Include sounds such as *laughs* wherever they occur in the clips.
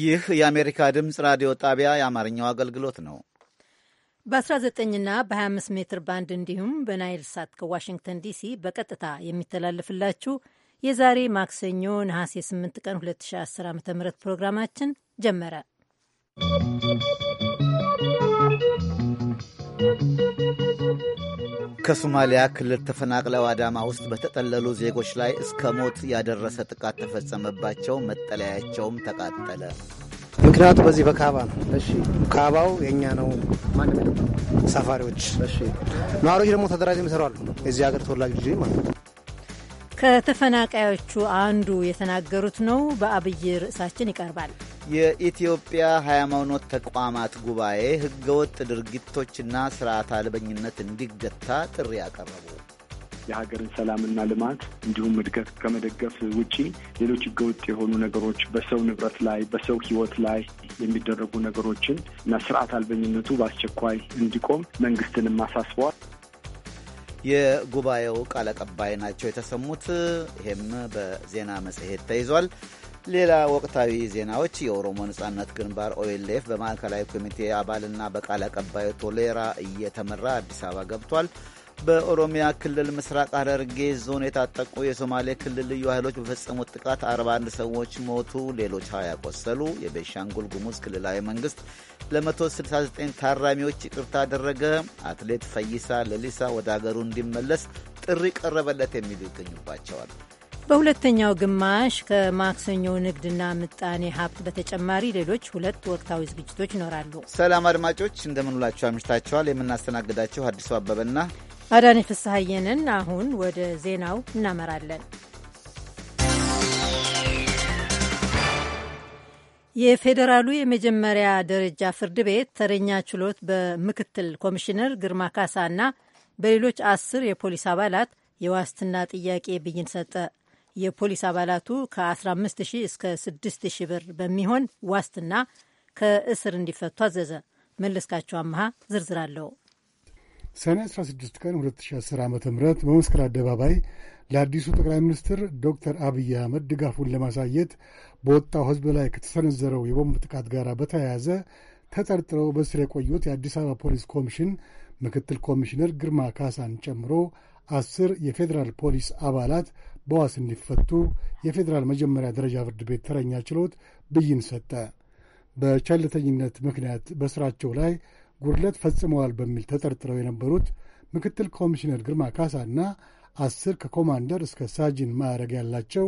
ይህ የአሜሪካ ድምፅ ራዲዮ ጣቢያ የአማርኛው አገልግሎት ነው። በ19ና በ25 ሜትር ባንድ እንዲሁም በናይል ሳት ከዋሽንግተን ዲሲ በቀጥታ የሚተላለፍላችሁ የዛሬ ማክሰኞ ነሐሴ 8 ቀን 2010 ዓ ም ፕሮግራማችን ጀመረ። ¶¶ ከሶማሊያ ክልል ተፈናቅለው አዳማ ውስጥ በተጠለሉ ዜጎች ላይ እስከ ሞት ያደረሰ ጥቃት ተፈጸመባቸው፣ መጠለያቸውም ተቃጠለ። ምክንያቱ በዚህ በካባ ነው። ካባው የእኛ ነው። ሰፋሪዎች ነዋሪዎች ደግሞ ተደራጅ ይሰራሉ። የዚህ ሀገር ተወላጅ ልጅ ማለት ነው ከተፈናቃዮቹ አንዱ የተናገሩት ነው። በአብይ ርዕሳችን ይቀርባል። የኢትዮጵያ ሃይማኖት ተቋማት ጉባኤ ህገወጥ ድርጊቶችና ስርዓት አልበኝነት እንዲገታ ጥሪ ያቀረቡ የሀገርን ሰላምና ልማት እንዲሁም እድገት ከመደገፍ ውጪ ሌሎች ህገወጥ የሆኑ ነገሮች በሰው ንብረት ላይ በሰው ህይወት ላይ የሚደረጉ ነገሮችን እና ስርዓት አልበኝነቱ በአስቸኳይ እንዲቆም መንግስትንም አሳስበዋል። የጉባኤው ቃል አቀባይ ናቸው የተሰሙት። ይህም በዜና መጽሔት ተይዟል። ሌላ ወቅታዊ ዜናዎች የኦሮሞ ነጻነት ግንባር ኦኤልኤፍ በማዕከላዊ ኮሚቴ አባልና በቃል አቀባዩ ቶሌራ እየተመራ አዲስ አበባ ገብቷል። በኦሮሚያ ክልል ምስራቅ ሐረርጌ ዞን የታጠቁ የሶማሌ ክልል ልዩ ኃይሎች በፈጸሙት ጥቃት 41 ሰዎች ሞቱ፣ ሌሎች 20 ቆሰሉ። የቤንሻንጉል ጉሙዝ ክልላዊ መንግስት ለ169 ታራሚዎች ይቅርታ አደረገ። አትሌት ፈይሳ ለሊሳ ወደ አገሩ እንዲመለስ ጥሪ ቀረበለት የሚሉ ይገኙባቸዋል። በሁለተኛው ግማሽ ከማክሰኞ ንግድና ምጣኔ ሀብት በተጨማሪ ሌሎች ሁለት ወቅታዊ ዝግጅቶች ይኖራሉ። ሰላም አድማጮች እንደምንላችሁ አምሽታችኋል። የምናስተናግዳችሁ አዲሱ አበበና አዳኔ ፍስሐየንን አሁን ወደ ዜናው እናመራለን። የፌዴራሉ የመጀመሪያ ደረጃ ፍርድ ቤት ተረኛ ችሎት በምክትል ኮሚሽነር ግርማ ካሳ እና በሌሎች አስር የፖሊስ አባላት የዋስትና ጥያቄ ብይን ሰጠ። የፖሊስ አባላቱ ከ15 ሺህ እስከ 6 ሺህ ብር በሚሆን ዋስትና ከእስር እንዲፈቱ አዘዘ። መለስካቸው አመሃ ዝርዝር አለው። ሰኔ 16 ቀን 2010 ዓ ም በመስቀል አደባባይ ለአዲሱ ጠቅላይ ሚኒስትር ዶክተር አብይ አህመድ ድጋፉን ለማሳየት በወጣው ሕዝብ ላይ ከተሰነዘረው የቦምብ ጥቃት ጋር በተያያዘ ተጠርጥረው በስር የቆዩት የአዲስ አበባ ፖሊስ ኮሚሽን ምክትል ኮሚሽነር ግርማ ካሳን ጨምሮ አስር የፌዴራል ፖሊስ አባላት በዋስ እንዲፈቱ የፌዴራል መጀመሪያ ደረጃ ፍርድ ቤት ተረኛ ችሎት ብይን ሰጠ። በቸልተኝነት ምክንያት በስራቸው ላይ ጉድለት ፈጽመዋል በሚል ተጠርጥረው የነበሩት ምክትል ኮሚሽነር ግርማ ካሳና አስር ከኮማንደር እስከ ሳጅን ማዕረግ ያላቸው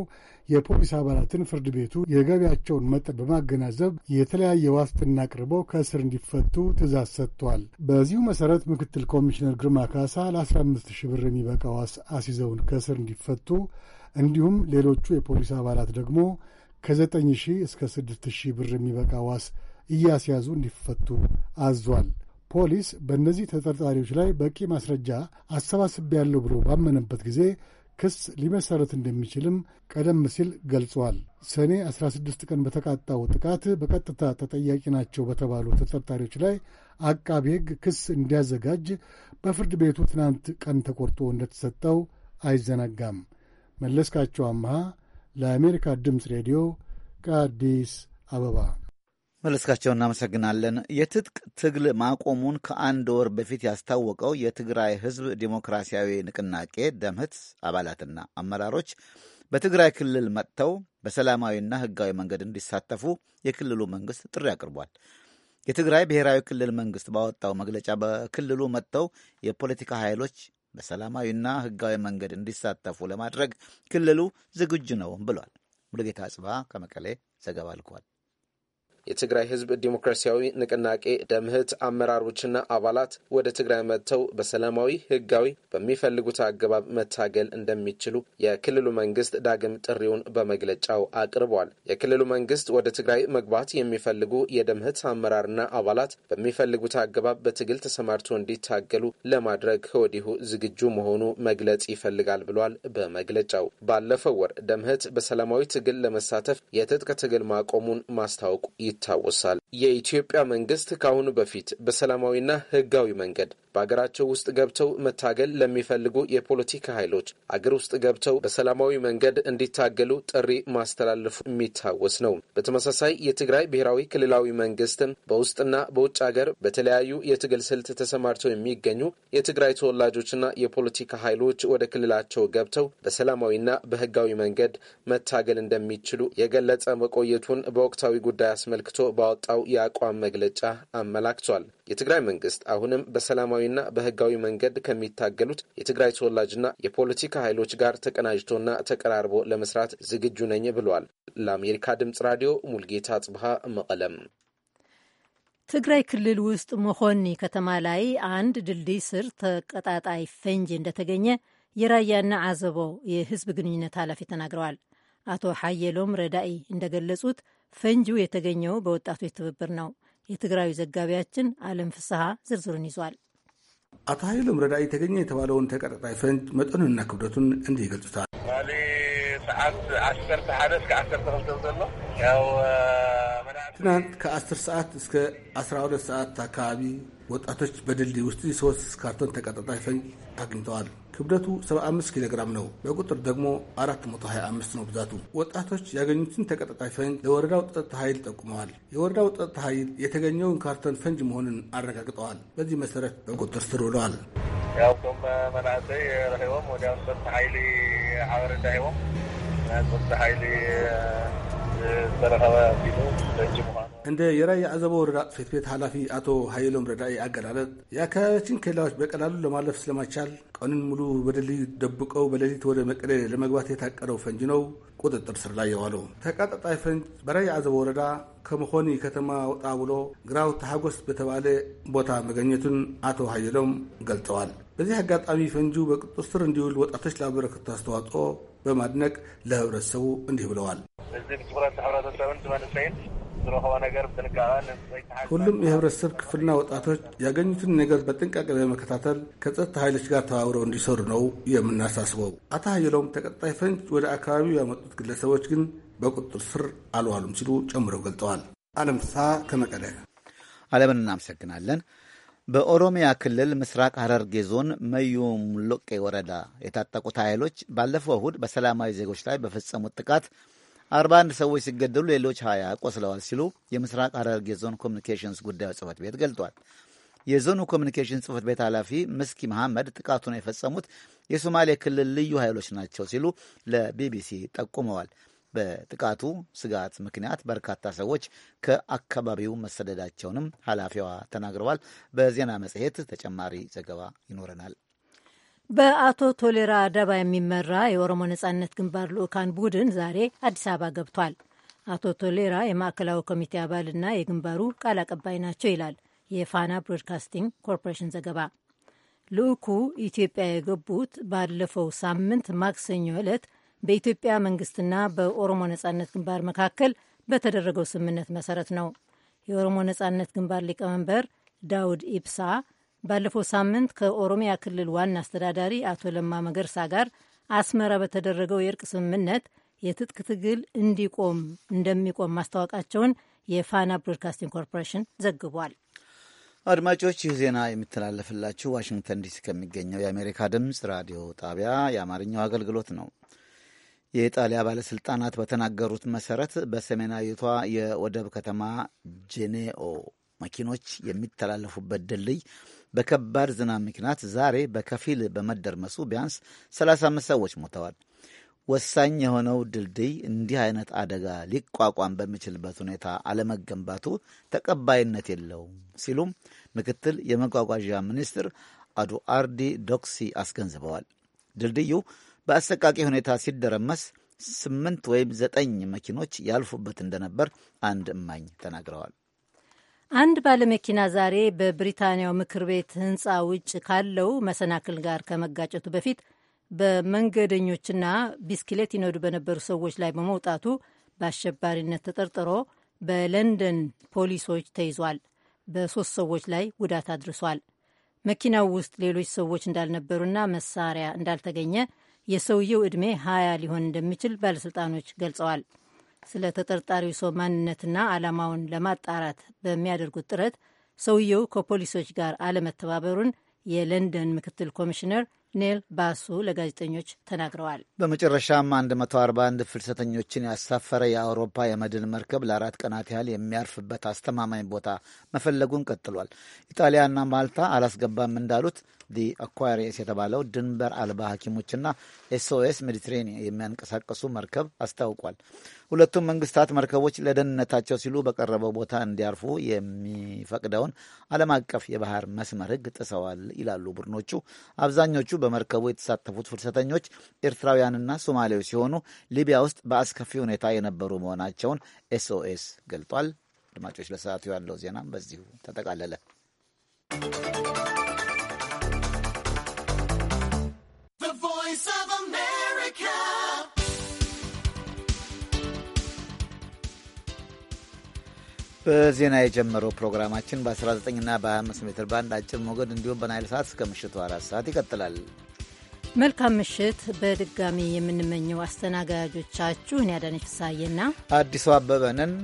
የፖሊስ አባላትን ፍርድ ቤቱ የገቢያቸውን መጠን በማገናዘብ የተለያየ ዋስትና አቅርበው ከእስር እንዲፈቱ ትእዛዝ ሰጥቷል። በዚሁ መሠረት ምክትል ኮሚሽነር ግርማ ካሳ ለ15 ሺህ ብር የሚበቃ ዋስ አስይዘውን ከእስር እንዲፈቱ እንዲሁም ሌሎቹ የፖሊስ አባላት ደግሞ ከ9 ሺህ እስከ 6 ሺህ ብር የሚበቃ ዋስ እያስያዙ እንዲፈቱ አዟል። ፖሊስ በእነዚህ ተጠርጣሪዎች ላይ በቂ ማስረጃ ያለው ብሎ ባመነበት ጊዜ ክስ ሊመሰረት እንደሚችልም ቀደም ሲል ገልጿል። ሰኔ 16 ቀን በተቃጣው ጥቃት በቀጥታ ተጠያቂ ናቸው በተባሉ ተጠርጣሪዎች ላይ አቃቢ ሕግ ክስ እንዲያዘጋጅ በፍርድ ቤቱ ትናንት ቀን ተቆርጦ እንደተሰጠው አይዘነጋም። መለስካቸው አምሃ ለአሜሪካ ድምፅ ሬዲዮ ከአዲስ አበባ መለስካቸው እናመሰግናለን። የትጥቅ ትግል ማቆሙን ከአንድ ወር በፊት ያስታወቀው የትግራይ ሕዝብ ዴሞክራሲያዊ ንቅናቄ ደምህት አባላትና አመራሮች በትግራይ ክልል መጥተው በሰላማዊና ሕጋዊ መንገድ እንዲሳተፉ የክልሉ መንግስት ጥሪ አቅርቧል። የትግራይ ብሔራዊ ክልል መንግስት ባወጣው መግለጫ በክልሉ መጥተው የፖለቲካ ኃይሎች በሰላማዊና ሕጋዊ መንገድ እንዲሳተፉ ለማድረግ ክልሉ ዝግጁ ነው ብሏል። ሙሉጌታ ጽባ ከመቀሌ ዘገባ ልኳል። የትግራይ ህዝብ ዲሞክራሲያዊ ንቅናቄ ደምህት አመራሮችና አባላት ወደ ትግራይ መጥተው በሰላማዊ ህጋዊ በሚፈልጉት አገባብ መታገል እንደሚችሉ የክልሉ መንግስት ዳግም ጥሪውን በመግለጫው አቅርቧል። የክልሉ መንግስት ወደ ትግራይ መግባት የሚፈልጉ የደምህት አመራርና አባላት በሚፈልጉት አገባብ በትግል ተሰማርቶ እንዲታገሉ ለማድረግ ከወዲሁ ዝግጁ መሆኑ መግለጽ ይፈልጋል ብሏል። በመግለጫው ባለፈው ወር ደምህት በሰላማዊ ትግል ለመሳተፍ የትጥቅ ትግል ማቆሙን ማስታወቁ ይታወሳል። የኢትዮጵያ መንግስት ከአሁኑ በፊት በሰላማዊና ህጋዊ መንገድ በሀገራቸው ውስጥ ገብተው መታገል ለሚፈልጉ የፖለቲካ ኃይሎች አገር ውስጥ ገብተው በሰላማዊ መንገድ እንዲታገሉ ጥሪ ማስተላለፉ የሚታወስ ነው። በተመሳሳይ የትግራይ ብሔራዊ ክልላዊ መንግስትም በውስጥና በውጭ ሀገር በተለያዩ የትግል ስልት ተሰማርተው የሚገኙ የትግራይ ተወላጆችና የፖለቲካ ኃይሎች ወደ ክልላቸው ገብተው በሰላማዊና በህጋዊ መንገድ መታገል እንደሚችሉ የገለጸ መቆየቱን በወቅታዊ ጉዳይ አስመልክ አስመልክቶ ባወጣው የአቋም መግለጫ አመላክቷል። የትግራይ መንግስት አሁንም በሰላማዊና በህጋዊ መንገድ ከሚታገሉት የትግራይ ተወላጅና የፖለቲካ ኃይሎች ጋር ተቀናጅቶና ተቀራርቦ ለመስራት ዝግጁ ነኝ ብሏል። ለአሜሪካ ድምጽ ራዲዮ ሙልጌታ ጽብሃ መቀለም። ትግራይ ክልል ውስጥ መኾኒ ከተማ ላይ አንድ ድልድይ ስር ተቀጣጣይ ፈንጂ እንደተገኘ የራያና አዘቦ የህዝብ ግንኙነት ኃላፊ ተናግረዋል። አቶ ሓየሎም ረዳኢ እንደገለጹት ፈንጂው የተገኘው በወጣቶች ትብብር ነው። የትግራዩ ዘጋቢያችን አለም ፍስሐ ዝርዝሩን ይዟል። አቶ ኃይሎም ረዳ የተገኘ የተባለውን ተቀጣጣይ ፈንጅ መጠኑንና ክብደቱን እንዲህ ይገልጹታል። ትናንት ከ10 ሰዓት እስከ 12 ሰዓት አካባቢ ወጣቶች በድልድይ ውስጥ ሶስት ካርቶን ተቀጣጣይ ፈንጅ አግኝተዋል። ክብደቱ 75 ኪሎ ግራም ነው። በቁጥር ደግሞ 425 ነው ብዛቱ። ወጣቶች ያገኙትን ተቀጣጣይ ፈንጅ ለወረዳው ጸጥታ ኃይል ጠቁመዋል። የወረዳው ጸጥታ ኃይል የተገኘውን ካርተን ፈንጅ መሆኑን አረጋግጠዋል። በዚህ መሰረት በቁጥር ስር ውለዋል። ያውቶም መናእሰይ ረሂቦም ወዲያው ጸጥታ ኃይል ሓበረ ዳሂቦም ጸጥታ ኃይል ዝተረኸበ ቢሉ ፈንጅ ምኳ እንደ የራያ አዘቦ ወረዳ ጽሕፈት ቤት ኃላፊ አቶ ሀይሎም ረዳ አገላለጥ የአካባቢያችን ኬላዎች በቀላሉ ለማለፍ ስለማይቻል ቀኑን ሙሉ በድልድይ ደብቀው በሌሊት ወደ መቀሌ ለመግባት የታቀደው ፈንጅ ነው ቁጥጥር ስር ላይ የዋለው። ተቃጣጣይ ፈንጅ በራያ አዘቦ ወረዳ ከመሆኒ ከተማ ወጣ ብሎ ግራው ተሐጎስ በተባለ ቦታ መገኘቱን አቶ ሀይሎም ገልጠዋል። በዚህ አጋጣሚ ፈንጁ በቁጥጥር ስር እንዲውል ወጣቶች ላበረከቱ አስተዋጽኦ በማድነቅ ለህብረተሰቡ እንዲህ ብለዋል። ሁሉም የህብረተሰብ ክፍልና ወጣቶች ያገኙትን ነገር በጥንቃቄ በመከታተል ከጸጥታ ኃይሎች ጋር ተባብረው እንዲሰሩ ነው የምናሳስበው። አቶ ሀየሎም ተቀጣይ ፈንጅ ወደ አካባቢው ያመጡት ግለሰቦች ግን በቁጥጥር ስር አልዋሉም ሲሉ ጨምረው ገልጠዋል። አለም ፍስሐ ከመቀለ። አለምን እናመሰግናለን። በኦሮሚያ ክልል ምስራቅ ሐረርጌ ዞን መዩ ሙሎቄ ወረዳ የታጠቁት ኃይሎች ባለፈው እሁድ በሰላማዊ ዜጎች ላይ በፈጸሙት ጥቃት አንድ ሰዎች ሲገደሉ ሌሎች ሀያ ቆስለዋል ሲሉ የምስራቅ ሐረርጌ ዞን ኮሚኒኬሽንስ ጉዳዮች ጽህፈት ቤት ገልጧል። የዞኑ ኮሚኒኬሽን ጽህፈት ቤት ኃላፊ ምስኪ መሐመድ ጥቃቱን የፈጸሙት የሶማሌ ክልል ልዩ ኃይሎች ናቸው ሲሉ ለቢቢሲ ጠቁመዋል። በጥቃቱ ስጋት ምክንያት በርካታ ሰዎች ከአካባቢው መሰደዳቸውንም ኃላፊዋ ተናግረዋል። በዜና መጽሔት ተጨማሪ ዘገባ ይኖረናል። በአቶ ቶሌራ አደባ የሚመራ የኦሮሞ ነጻነት ግንባር ልኡካን ቡድን ዛሬ አዲስ አበባ ገብቷል። አቶ ቶሌራ የማዕከላዊ ኮሚቴ አባልና የግንባሩ ቃል አቀባይ ናቸው ይላል የፋና ብሮድካስቲንግ ኮርፖሬሽን ዘገባ። ልኡኩ ኢትዮጵያ የገቡት ባለፈው ሳምንት ማክሰኞ ዕለት በኢትዮጵያ መንግስትና በኦሮሞ ነጻነት ግንባር መካከል በተደረገው ስምምነት መሰረት ነው። የኦሮሞ ነጻነት ግንባር ሊቀመንበር ዳውድ ኢብሳ ባለፈው ሳምንት ከኦሮሚያ ክልል ዋና አስተዳዳሪ አቶ ለማ መገርሳ ጋር አስመራ በተደረገው የእርቅ ስምምነት የትጥቅ ትግል እንዲቆም እንደሚቆም ማስታወቃቸውን የፋና ብሮድካስቲንግ ኮርፖሬሽን ዘግቧል። አድማጮች ይህ ዜና የሚተላለፍላችሁ ዋሽንግተን ዲሲ ከሚገኘው የአሜሪካ ድምፅ ራዲዮ ጣቢያ የአማርኛው አገልግሎት ነው። የኢጣሊያ ባለሥልጣናት በተናገሩት መሠረት በሰሜናዊቷ የወደብ ከተማ ጄኔኦ መኪኖች የሚተላለፉበት ድልድይ በከባድ ዝናብ ምክንያት ዛሬ በከፊል በመደርመሱ ቢያንስ 35 ሰዎች ሞተዋል። ወሳኝ የሆነው ድልድይ እንዲህ አይነት አደጋ ሊቋቋም በሚችልበት ሁኔታ አለመገንባቱ ተቀባይነት የለውም ሲሉም ምክትል የመጓጓዣ ሚኒስትር አዱ አርዲ ዶክሲ አስገንዝበዋል። ድልድዩ በአሰቃቂ ሁኔታ ሲደረመስ ስምንት ወይም ዘጠኝ መኪኖች ያልፉበት እንደነበር አንድ እማኝ ተናግረዋል። አንድ ባለመኪና ዛሬ በብሪታንያው ምክር ቤት ህንፃ ውጭ ካለው መሰናክል ጋር ከመጋጨቱ በፊት በመንገደኞችና ቢስክሌት ይነዱ በነበሩ ሰዎች ላይ በመውጣቱ በአሸባሪነት ተጠርጥሮ በለንደን ፖሊሶች ተይዟል። በሶስት ሰዎች ላይ ጉዳት አድርሷል። መኪናው ውስጥ ሌሎች ሰዎች እንዳልነበሩና መሳሪያ እንዳልተገኘ የሰውየው ዕድሜ ሀያ ሊሆን እንደሚችል ባለሥልጣኖች ገልጸዋል። ስለ ተጠርጣሪው ሰው ማንነትና ዓላማውን ለማጣራት በሚያደርጉት ጥረት ሰውየው ከፖሊሶች ጋር አለመተባበሩን የለንደን ምክትል ኮሚሽነር ኔል ባሱ ለጋዜጠኞች ተናግረዋል። በመጨረሻም 141 ፍልሰተኞችን ያሳፈረ የአውሮፓ የመድን መርከብ ለአራት ቀናት ያህል የሚያርፍበት አስተማማኝ ቦታ መፈለጉን ቀጥሏል። ኢጣሊያና ማልታ አላስገባም እንዳሉት ዲ አኳሪየስ የተባለው ድንበር አልባ ሐኪሞችና ኤስኦኤስ ሜዲትሬኒ የሚያንቀሳቀሱ መርከብ አስታውቋል። ሁለቱም መንግስታት መርከቦች ለደህንነታቸው ሲሉ በቀረበው ቦታ እንዲያርፉ የሚፈቅደውን ዓለም አቀፍ የባህር መስመር ሕግ ጥሰዋል ይላሉ ቡድኖቹ። አብዛኞቹ በመርከቡ የተሳተፉት ፍልሰተኞች ኤርትራውያንና ሶማሌዎች ሲሆኑ ሊቢያ ውስጥ በአስከፊ ሁኔታ የነበሩ መሆናቸውን ኤስኦኤስ ገልጧል። አድማጮች፣ ለሰዓቱ ያለው ዜና በዚሁ ተጠቃለለ። በዜና የጀመረው ፕሮግራማችን በ19ና በ25 ሜትር ባንድ አጭር ሞገድ እንዲሁም በናይል ሰዓት እስከ ምሽቱ አራት ሰዓት ይቀጥላል። መልካም ምሽት በድጋሚ የምንመኘው አስተናጋጆቻችሁ እኔ አዳነች ፍሳዬና አዲሱ አበበ ነን።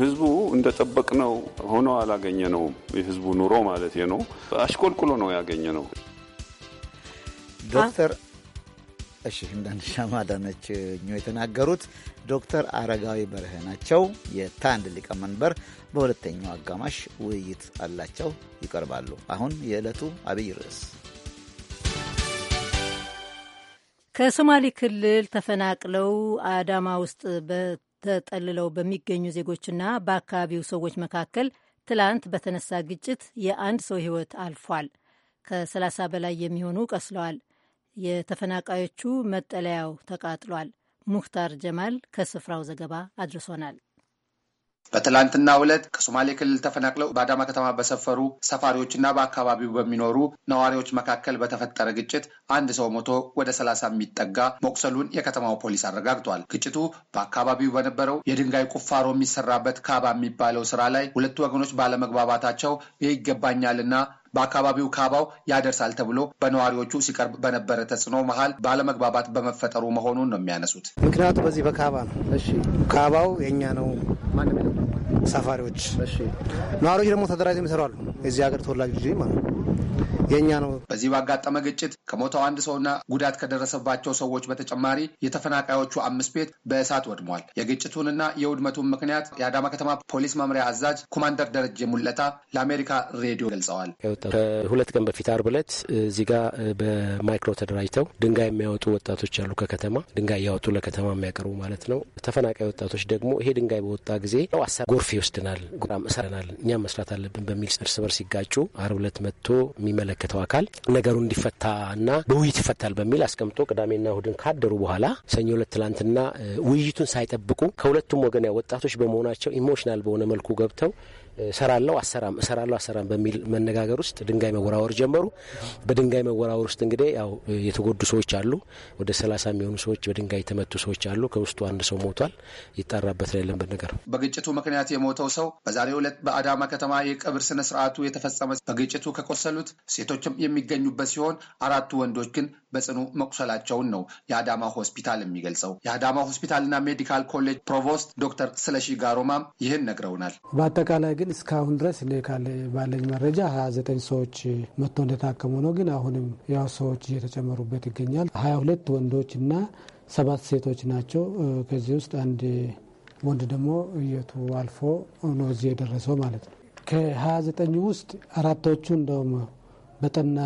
ህዝቡ እንደ ጠበቅነው ሆኖ አላገኘ ነው። የህዝቡ ኑሮ ማለት ነው አሽቆልቁሎ ነው ያገኘ ነው ዶክተር እሺ እንዳንሻማ ዳነች የተናገሩት ዶክተር አረጋዊ በርህ ናቸው። የታንድ ሊቀመንበር በሁለተኛው አጋማሽ ውይይት አላቸው ይቀርባሉ። አሁን የዕለቱ አብይ ርዕስ ከሶማሌ ክልል ተፈናቅለው አዳማ ውስጥ በተጠልለው በሚገኙ ዜጎችና በአካባቢው ሰዎች መካከል ትላንት በተነሳ ግጭት የአንድ ሰው ሕይወት አልፏል። ከ30 በላይ የሚሆኑ ቀስለዋል። የተፈናቃዮቹ መጠለያው ተቃጥሏል። ሙክታር ጀማል ከስፍራው ዘገባ አድርሶናል። በትላንትና ዕለት ከሶማሌ ክልል ተፈናቅለው በአዳማ ከተማ በሰፈሩ ሰፋሪዎችና በአካባቢው በሚኖሩ ነዋሪዎች መካከል በተፈጠረ ግጭት አንድ ሰው ሞቶ ወደ ሰላሳ የሚጠጋ መቁሰሉን የከተማው ፖሊስ አረጋግጧል። ግጭቱ በአካባቢው በነበረው የድንጋይ ቁፋሮ የሚሰራበት ካባ የሚባለው ስራ ላይ ሁለቱ ወገኖች ባለመግባባታቸው ይገባኛልና። በአካባቢው ካባው ያደርሳል ተብሎ በነዋሪዎቹ ሲቀርብ በነበረ ተጽዕኖ መሀል ባለመግባባት በመፈጠሩ መሆኑን ነው የሚያነሱት። ምክንያቱ በዚህ በካባ ነው። ካባው የእኛ ነው። ሰፋሪዎች፣ ነዋሪዎች ደግሞ ተደራጅ የሚሰሩ አሉ። የዚህ ሀገር ተወላጅ ልጅ ማለት ነው የኛ ነው። በዚህ ባጋጠመ ግጭት ከሞተው አንድ ሰውና ጉዳት ከደረሰባቸው ሰዎች በተጨማሪ የተፈናቃዮቹ አምስት ቤት በእሳት ወድሟል። የግጭቱንና የውድመቱን ምክንያት የአዳማ ከተማ ፖሊስ መምሪያ አዛዥ ኮማንደር ደረጀ ሙለታ ለአሜሪካ ሬዲዮ ገልጸዋል። ከሁለት ቀን በፊት አርብ ዕለት እዚህ ጋር በማይክሮ ተደራጅተው ድንጋይ የሚያወጡ ወጣቶች አሉ። ከከተማ ድንጋይ እያወጡ ለከተማ የሚያቀርቡ ማለት ነው። ተፈናቃይ ወጣቶች ደግሞ ይሄ ድንጋይ በወጣ ጊዜ ጎርፍ ይወስድናል፣ እኛም መስራት አለብን በሚል እርስ በርስ ሲጋጩ አርብ ዕለት መጥቶ የሚመለከ የሚመለከተው አካል ነገሩ እንዲፈታና በውይይት ይፈታል በሚል አስቀምጦ ቅዳሜና እሁድን ካደሩ በኋላ ሰኞ ዕለት ትላንትና ውይይቱን ሳይጠብቁ ከሁለቱም ወገን ወጣቶች በመሆናቸው ኢሞሽናል በሆነ መልኩ ገብተው እሰራለሁ አሰራም እሰራለሁ አሰራም በሚል መነጋገር ውስጥ ድንጋይ መወራወር ጀመሩ። በድንጋይ መወራወር ውስጥ እንግዲህ ያው የተጎዱ ሰዎች አሉ። ወደ ሰላሳ የሚሆኑ ሰዎች በድንጋይ የተመቱ ሰዎች አሉ። ከውስጡ አንድ ሰው ሞቷል። ይጣራበት ላይ ያለንበት ነገር በግጭቱ ምክንያት የሞተው ሰው በዛሬው ዕለት በአዳማ ከተማ የቀብር ስነ ስርዓቱ የተፈጸመ በግጭቱ ከቆሰሉት ሴቶችም የሚገኙበት ሲሆን አራቱ ወንዶች ግን በጽኑ መቁሰላቸውን ነው የአዳማ ሆስፒታል የሚገልጸው። የአዳማ ሆስፒታልና ሜዲካል ኮሌጅ ፕሮቮስት ዶክተር ስለሺ ጋሮማም ይህን ነግረውናል። በአጠቃላይ ግን እስካሁን ድረስ እኔ ባለኝ መረጃ ሀያ ዘጠኝ ሰዎች መጥቶ እንደታከሙ ነው። ግን አሁንም ያው ሰዎች እየተጨመሩበት ይገኛል። ሀያ ሁለት ወንዶች እና ሰባት ሴቶች ናቸው። ከዚህ ውስጥ አንድ ወንድ ደግሞ እየቱ አልፎ ነው እዚህ የደረሰው ማለት ነው። ከሀያ ዘጠኙ ውስጥ አራቶቹ እንደውም በጠና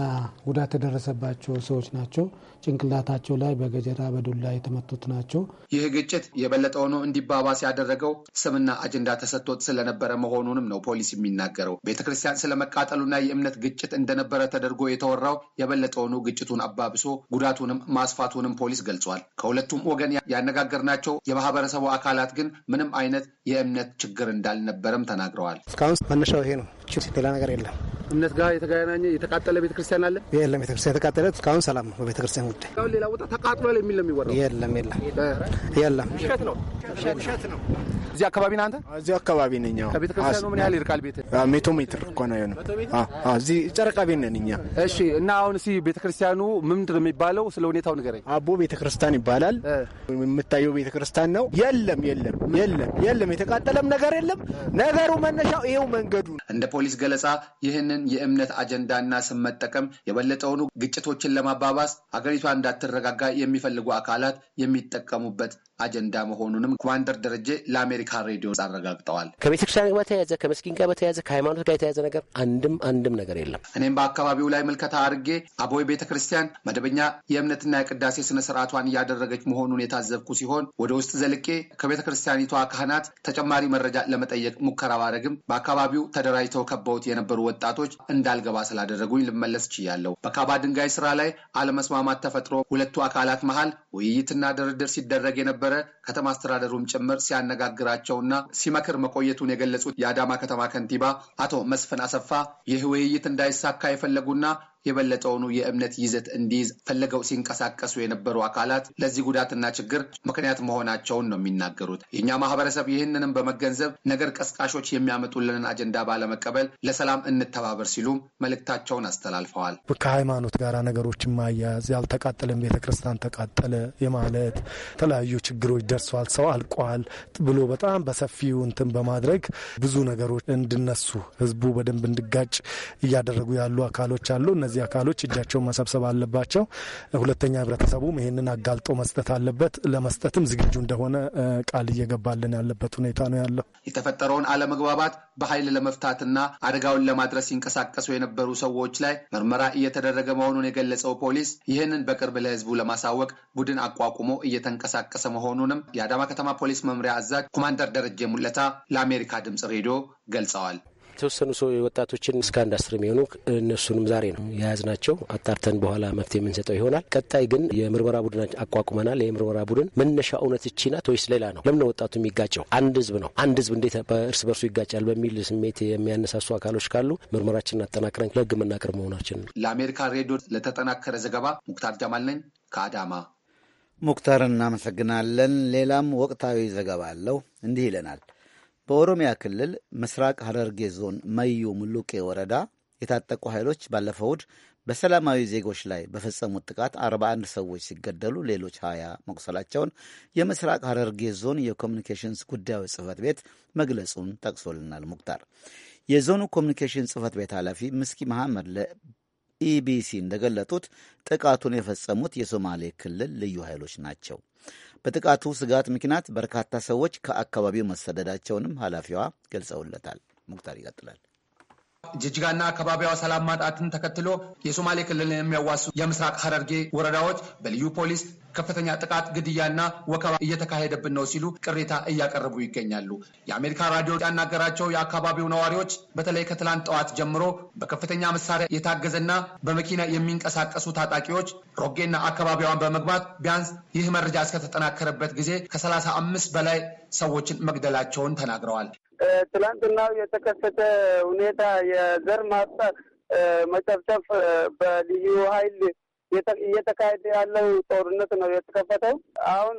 ጉዳት የደረሰባቸው ሰዎች ናቸው። ጭንቅላታቸው ላይ በገጀራ በዱላ የተመቱት ናቸው። ይህ ግጭት የበለጠ ሆኖ እንዲባባስ ያደረገው ስምና አጀንዳ ተሰጥቶት ስለነበረ መሆኑንም ነው ፖሊስ የሚናገረው። ቤተ ክርስቲያን ስለመቃጠሉና የእምነት ግጭት እንደነበረ ተደርጎ የተወራው የበለጠ ሆኖ ግጭቱን አባብሶ ጉዳቱንም ማስፋቱንም ፖሊስ ገልጿል። ከሁለቱም ወገን ያነጋገርናቸው የማህበረሰቡ አካላት ግን ምንም አይነት የእምነት ችግር እንዳልነበረም ተናግረዋል። እስካሁን መነሻው ይሄ ነው። ሌላ ነገር የለም። እምነት ጋር የተገናኘ የተቃጠለ ቤተክርስቲያን አለ የለም። ቤተክርስቲያን የተቃጠለ እስካሁን ሰላም ነው። በቤተክርስቲያን ጉዳይ አሁን ሌላ ቦታ ተቃጥሏል የሚል ነው የሚወራው። የለም የለም የለም፣ ውሸት ነው ውሸት ነው። እዚህ አካባቢ ነህ አንተ? እዚህ አካባቢ ነኝ። ከቤተ ክርስቲያኑ ምን ያህል ይርቃል? ቤት ሜቶ ሜትር እኳን አይሆንም። እዚህ ጨረቃ ቤት ነን እኛ። እሺ። እና አሁን እስኪ ቤተ ክርስቲያኑ ምንድን ነው የሚባለው? ስለ ሁኔታው ንገረኝ። አቦ ቤተ ክርስቲያን ይባላል። የምታየው ቤተ ክርስቲያን ነው። የለም የለም የለም የለም፣ የተቃጠለም ነገር የለም። ነገሩ መነሻው ይሄው መንገዱ እንደ ፖሊስ ገለጻ ይህንን የእምነት አጀንዳና ስም መጠቀም የበለጠውኑ ግጭቶችን ለማባባስ ሀገሪ ሀገሪቷ እንዳትረጋጋ የሚፈልጉ አካላት የሚጠቀሙበት አጀንዳ መሆኑንም ኮማንደር ደረጀ ለአሜሪካ ሬዲዮ አረጋግጠዋል። ከቤተክርስቲያን ጋር በተያያዘ ከመስጊድ ጋር በተያያዘ ከሃይማኖት ጋር የተያያዘ ነገር አንድም አንድም ነገር የለም። እኔም በአካባቢው ላይ ምልከታ አድርጌ አቦይ ቤተክርስቲያን መደበኛ የእምነትና የቅዳሴ ስነ ስርዓቷን እያደረገች መሆኑን የታዘብኩ ሲሆን ወደ ውስጥ ዘልቄ ከቤተክርስቲያኒቷ ካህናት ተጨማሪ መረጃ ለመጠየቅ ሙከራ ባረግም በአካባቢው ተደራጅተው ከበውት የነበሩ ወጣቶች እንዳልገባ ስላደረጉኝ ልመለስ ችያለሁ። በካባ ድንጋይ ስራ ላይ አለመስማማት ተፈጥሮ ሁለቱ አካላት መሀል ውይይትና ድርድር ሲደረግ የነበር እንደነበረ ከተማ አስተዳደሩም ጭምር ሲያነጋግራቸውና ሲመክር መቆየቱን የገለጹት የአዳማ ከተማ ከንቲባ አቶ መስፍን አሰፋ ይህ ውይይት እንዳይሳካ የፈለጉና የበለጠውኑ የእምነት ይዘት እንዲይዝ ፈለገው ሲንቀሳቀሱ የነበሩ አካላት ለዚህ ጉዳትና ችግር ምክንያት መሆናቸውን ነው የሚናገሩት። የእኛ ማህበረሰብ ይህንንም በመገንዘብ ነገር ቀስቃሾች የሚያመጡልንን አጀንዳ ባለመቀበል ለሰላም እንተባበር ሲሉም መልእክታቸውን አስተላልፈዋል። ከሃይማኖት ጋር ነገሮች ማያያዝ ያልተቃጠለን ቤተክርስቲያን ተቃጠለ የማለት የተለያዩ ችግሮች ደርሷል፣ ሰው አልቋል ብሎ በጣም በሰፊው እንትን በማድረግ ብዙ ነገሮች እንድነሱ ህዝቡ በደንብ እንድጋጭ እያደረጉ ያሉ አካሎች አሉ እነዚህ እነዚህ አካሎች እጃቸውን መሰብሰብ አለባቸው። ሁለተኛ ህብረተሰቡም ይህንን አጋልጦ መስጠት አለበት። ለመስጠትም ዝግጁ እንደሆነ ቃል እየገባልን ያለበት ሁኔታ ነው ያለው። የተፈጠረውን አለመግባባት በኃይል ለመፍታትና አደጋውን ለማድረስ ሲንቀሳቀሱ የነበሩ ሰዎች ላይ ምርመራ እየተደረገ መሆኑን የገለጸው ፖሊስ ይህንን በቅርብ ለህዝቡ ለማሳወቅ ቡድን አቋቁሞ እየተንቀሳቀሰ መሆኑንም የአዳማ ከተማ ፖሊስ መምሪያ አዛዥ ኮማንደር ደረጀ ሙለታ ለአሜሪካ ድምጽ ሬዲዮ ገልጸዋል። የተወሰኑ ሰው ወጣቶችን እስከ አንድ አስር የሚሆኑ እነሱንም ዛሬ ነው የያዝናቸው። አጣርተን በኋላ መፍትሄ የምንሰጠው ይሆናል። ቀጣይ ግን የምርመራ ቡድን አቋቁመናል። የምርመራ ቡድን መነሻ እውነት እቺ ናት ወይስ ሌላ ነው? ለምን ወጣቱ የሚጋጨው? አንድ ህዝብ ነው። አንድ ህዝብ እንዴት በእርስ በርሱ ይጋጫል? በሚል ስሜት የሚያነሳሱ አካሎች ካሉ ምርመራችንን አጠናክረን ለህግ መናቀር መሆናችን ነው። ለአሜሪካ ሬዲዮ ለተጠናከረ ዘገባ ሙክታር ጀማል ነኝ ከአዳማ። ሙክታር እናመሰግናለን። ሌላም ወቅታዊ ዘገባ አለው። እንዲህ ይለናል በኦሮሚያ ክልል ምስራቅ ሐረርጌ ዞን መዩ ሙሉቄ ወረዳ የታጠቁ ኃይሎች ባለፈው እሁድ በሰላማዊ ዜጎች ላይ በፈጸሙት ጥቃት 41 ሰዎች ሲገደሉ ሌሎች 20 መቁሰላቸውን የምስራቅ ሐረርጌ ዞን የኮሚኒኬሽንስ ጉዳዮች ጽህፈት ቤት መግለጹን ጠቅሶልናል። ሙክታር የዞኑ ኮሚኒኬሽን ጽህፈት ቤት ኃላፊ ምስኪ መሐመድ ለኢቢሲ እንደገለጡት ጥቃቱን የፈጸሙት የሶማሌ ክልል ልዩ ኃይሎች ናቸው። በጥቃቱ ስጋት ምክንያት በርካታ ሰዎች ከአካባቢው መሰደዳቸውንም ኃላፊዋ ገልጸውለታል። ሙክታር ይቀጥላል። ጅጅጋና አካባቢዋ ሰላም ማጣትን ተከትሎ የሶማሌ ክልልን የሚያዋሱ የምስራቅ ሀረርጌ ወረዳዎች በልዩ ፖሊስ ከፍተኛ ጥቃት፣ ግድያና ወከባ እየተካሄደብን ነው ሲሉ ቅሬታ እያቀረቡ ይገኛሉ። የአሜሪካ ራዲዮ ያናገራቸው የአካባቢው ነዋሪዎች በተለይ ከትላንት ጠዋት ጀምሮ በከፍተኛ መሳሪያ የታገዘና በመኪና የሚንቀሳቀሱ ታጣቂዎች ሮጌና አካባቢዋን በመግባት ቢያንስ ይህ መረጃ እስከተጠናከረበት ጊዜ ከሰላሳ አምስት በላይ ሰዎችን መግደላቸውን ተናግረዋል። ትላንትናው የተከሰተ ሁኔታ የዘር ማጥፋት፣ መጨፍጨፍ በልዩ ኃይል እየተካሄደ ያለው ጦርነት ነው የተከፈተው። አሁን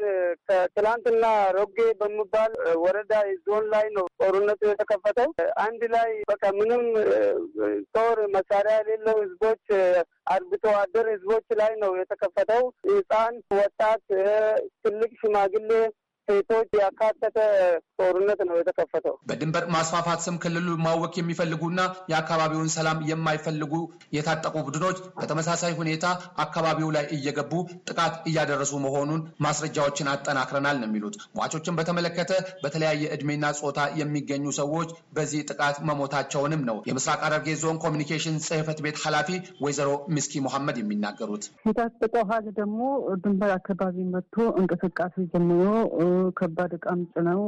ከትላንትና ሮጌ በሚባል ወረዳ ዞን ላይ ነው ጦርነቱ የተከፈተው። አንድ ላይ በቃ ምንም ጦር መሳሪያ የሌለው ህዝቦች፣ አርብቶ አደር ህዝቦች ላይ ነው የተከፈተው። ህፃን፣ ወጣት፣ ትልቅ ሽማግሌ ሴቶች ያካተተ ጦርነት ነው የተከፈተው። በድንበር ማስፋፋት ስም ክልሉ ማወክ የሚፈልጉና የአካባቢውን ሰላም የማይፈልጉ የታጠቁ ቡድኖች በተመሳሳይ ሁኔታ አካባቢው ላይ እየገቡ ጥቃት እያደረሱ መሆኑን ማስረጃዎችን አጠናክረናል ነው የሚሉት። ሟቾችን በተመለከተ በተለያየ እድሜና ጾታ የሚገኙ ሰዎች በዚህ ጥቃት መሞታቸውንም ነው የምስራቅ ሐረርጌ ዞን ኮሚኒኬሽን ጽህፈት ቤት ኃላፊ ወይዘሮ ምስኪ መሐመድ የሚናገሩት። የታጠቀው ኃይል ደግሞ ድንበር አካባቢ መጥቶ እንቅስቃሴ ጀምሮ ከባድ እቃም ጭነው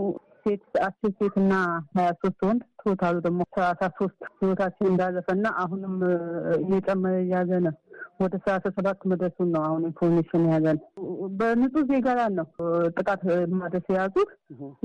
ሴት አስር ሴት እና ሀያ ሶስት ወንድ ቶታሉ ደግሞ ሰላሳ ሶስት ህይወታችን እንዳለፈና አሁንም እየጨመረ ያዘ ነው። ወደ ሰላሳ ሰባት መድረሱን ነው አሁን ኢንፎርሜሽን ያዘን። በንጹህ ዜጋ ላይ ነው ጥቃት ማድረስ የያዙት።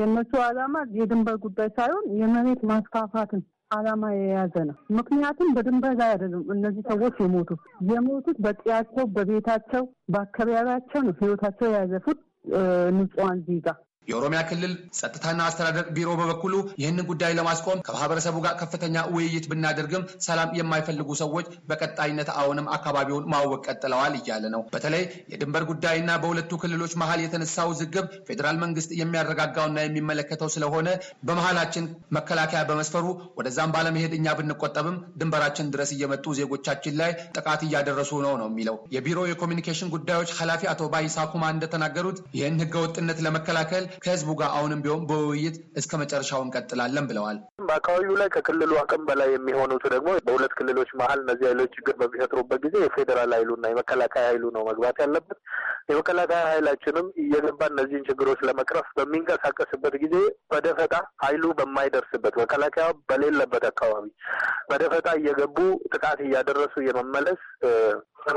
የእነሱ አላማ የድንበር ጉዳይ ሳይሆን የመሬት ማስፋፋትን አላማ የያዘ ነው። ምክንያቱም በድንበር ላይ አይደለም እነዚህ ሰዎች የሞቱት የሞቱት በጥያቸው፣ በቤታቸው፣ በአካባቢያቸው ነው ህይወታቸው የያዘፉት Euh, nous nutsanzika የኦሮሚያ ክልል ጸጥታና አስተዳደር ቢሮ በበኩሉ ይህንን ጉዳይ ለማስቆም ከማህበረሰቡ ጋር ከፍተኛ ውይይት ብናደርግም ሰላም የማይፈልጉ ሰዎች በቀጣይነት አሁንም አካባቢውን ማወቅ ቀጥለዋል እያለ ነው። በተለይ የድንበር ጉዳይና በሁለቱ ክልሎች መሀል የተነሳው ዝግብ ፌዴራል መንግስት የሚያረጋጋውና የሚመለከተው ስለሆነ በመሀላችን መከላከያ በመስፈሩ ወደዛም ባለመሄድ እኛ ብንቆጠብም ድንበራችን ድረስ እየመጡ ዜጎቻችን ላይ ጥቃት እያደረሱ ነው ነው የሚለው የቢሮ የኮሚኒኬሽን ጉዳዮች ኃላፊ አቶ ባይሳኩማ እንደተናገሩት ይህን ህገወጥነት ለመከላከል ከህዝቡ ጋር አሁንም ቢሆን በውይይት እስከ መጨረሻው እንቀጥላለን ብለዋል። በአካባቢው ላይ ከክልሉ አቅም በላይ የሚሆኑት ደግሞ በሁለት ክልሎች መሀል እነዚህ ኃይሎች ችግር በሚፈጥሩበት ጊዜ የፌዴራል ኃይሉና የመከላከያ ኃይሉ ነው መግባት ያለበት። የመከላከያ ኃይላችንም እየገባ እነዚህን ችግሮች ለመቅረፍ በሚንቀሳቀስበት ጊዜ በደፈጣ ኃይሉ በማይደርስበት መከላከያ በሌለበት አካባቢ በደፈጣ እየገቡ ጥቃት እያደረሱ የመመለስ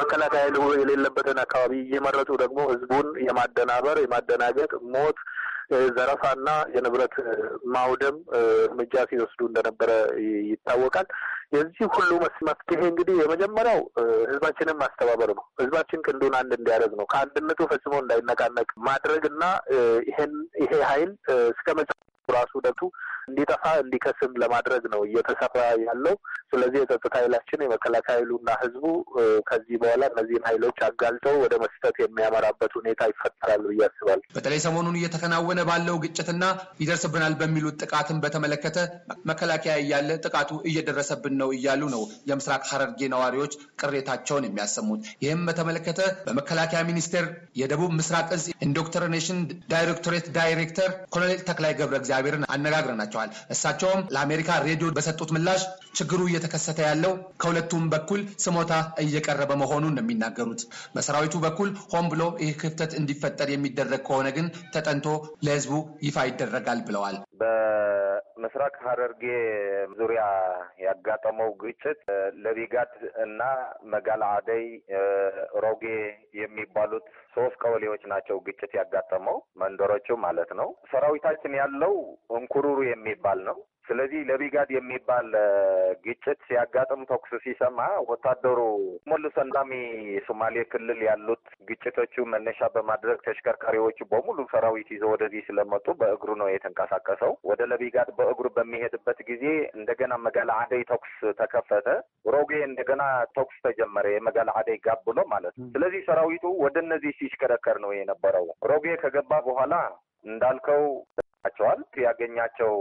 መከላከያ ኃይሉ የሌለበትን አካባቢ እየመረጡ ደግሞ ህዝቡን የማደናበር የማደናገጥ ሞት ዘረፋና የንብረት ማውደም እርምጃ ሲወስዱ እንደነበረ ይታወቃል። የዚህ ሁሉ መፍትሄ እንግዲህ የመጀመሪያው ህዝባችንን ማስተባበር ነው። ህዝባችን ክንዱን አንድ እንዲያደርግ ነው። ከአንድነቱ ፈጽሞ እንዳይነቃነቅ ማድረግ እና ይሄን ይሄ ሀይል እስከ መጫ ራሱ ደቱ እንዲጠፋ እንዲከስም ለማድረግ ነው እየተሰራ ያለው። ስለዚህ የጸጥታ ኃይላችን የመከላከያ ኃይሉና ህዝቡ ከዚህ በኋላ እነዚህን ኃይሎች አጋልጠው ወደ መስጠት የሚያመራበት ሁኔታ ይፈጠራል ብዬ አስባለሁ። በተለይ ሰሞኑን እየተከናወነ ባለው ግጭትና ይደርስብናል በሚሉት ጥቃትን በተመለከተ መከላከያ እያለ ጥቃቱ እየደረሰብን ነው እያሉ ነው የምስራቅ ሀረርጌ ነዋሪዎች ቅሬታቸውን የሚያሰሙት። ይህም በተመለከተ በመከላከያ ሚኒስቴር የደቡብ ምስራቅ እዝ ኢንዶክትሪኔሽን ዳይሬክቶሬት ዳይሬክተር ኮሎኔል ተክላይ ገብረ እግዚአብሔርን አነጋግረናቸው ተናግረዋል። እሳቸውም ለአሜሪካ ሬዲዮ በሰጡት ምላሽ ችግሩ እየተከሰተ ያለው ከሁለቱም በኩል ስሞታ እየቀረበ መሆኑን ነው የሚናገሩት። በሰራዊቱ በኩል ሆን ብሎ ይህ ክፍተት እንዲፈጠር የሚደረግ ከሆነ ግን ተጠንቶ ለህዝቡ ይፋ ይደረጋል ብለዋል። በምስራቅ ሀረርጌ ዙሪያ ያጋጠመው ግጭት ለቢጋድ እና መጋል አደይ ሮጌ የሚባሉት ሶስት ቀበሌዎች ናቸው ግጭት ያጋጠመው መንደሮቹ ማለት ነው። ሰራዊታችን ያለው እንኩሩሩ የሚባል ነው። ስለዚህ ለቢጋድ የሚባል ግጭት ሲያጋጥም ተኩስ ሲሰማ ወታደሩ ሙሉ ሰላሚ ሶማሌ ክልል ያሉት ግጭቶቹ መነሻ በማድረግ ተሽከርካሪዎቹ በሙሉ ሰራዊት ይዘው ወደዚህ ስለመጡ በእግሩ ነው የተንቀሳቀሰው። ወደ ለቢጋድ በእግሩ በሚሄድበት ጊዜ እንደገና መጋላ አደይ ተኩስ ተከፈተ። ሮጌ እንደገና ተኩስ ተጀመረ። የመጋላ አደይ ጋብ ብሎ ማለት ነው። ስለዚህ ሰራዊቱ ወደ እነዚህ ሲሽከረከር ነው የነበረው። ሮጌ ከገባ በኋላ እንዳልከው ቸዋል ያገኛቸው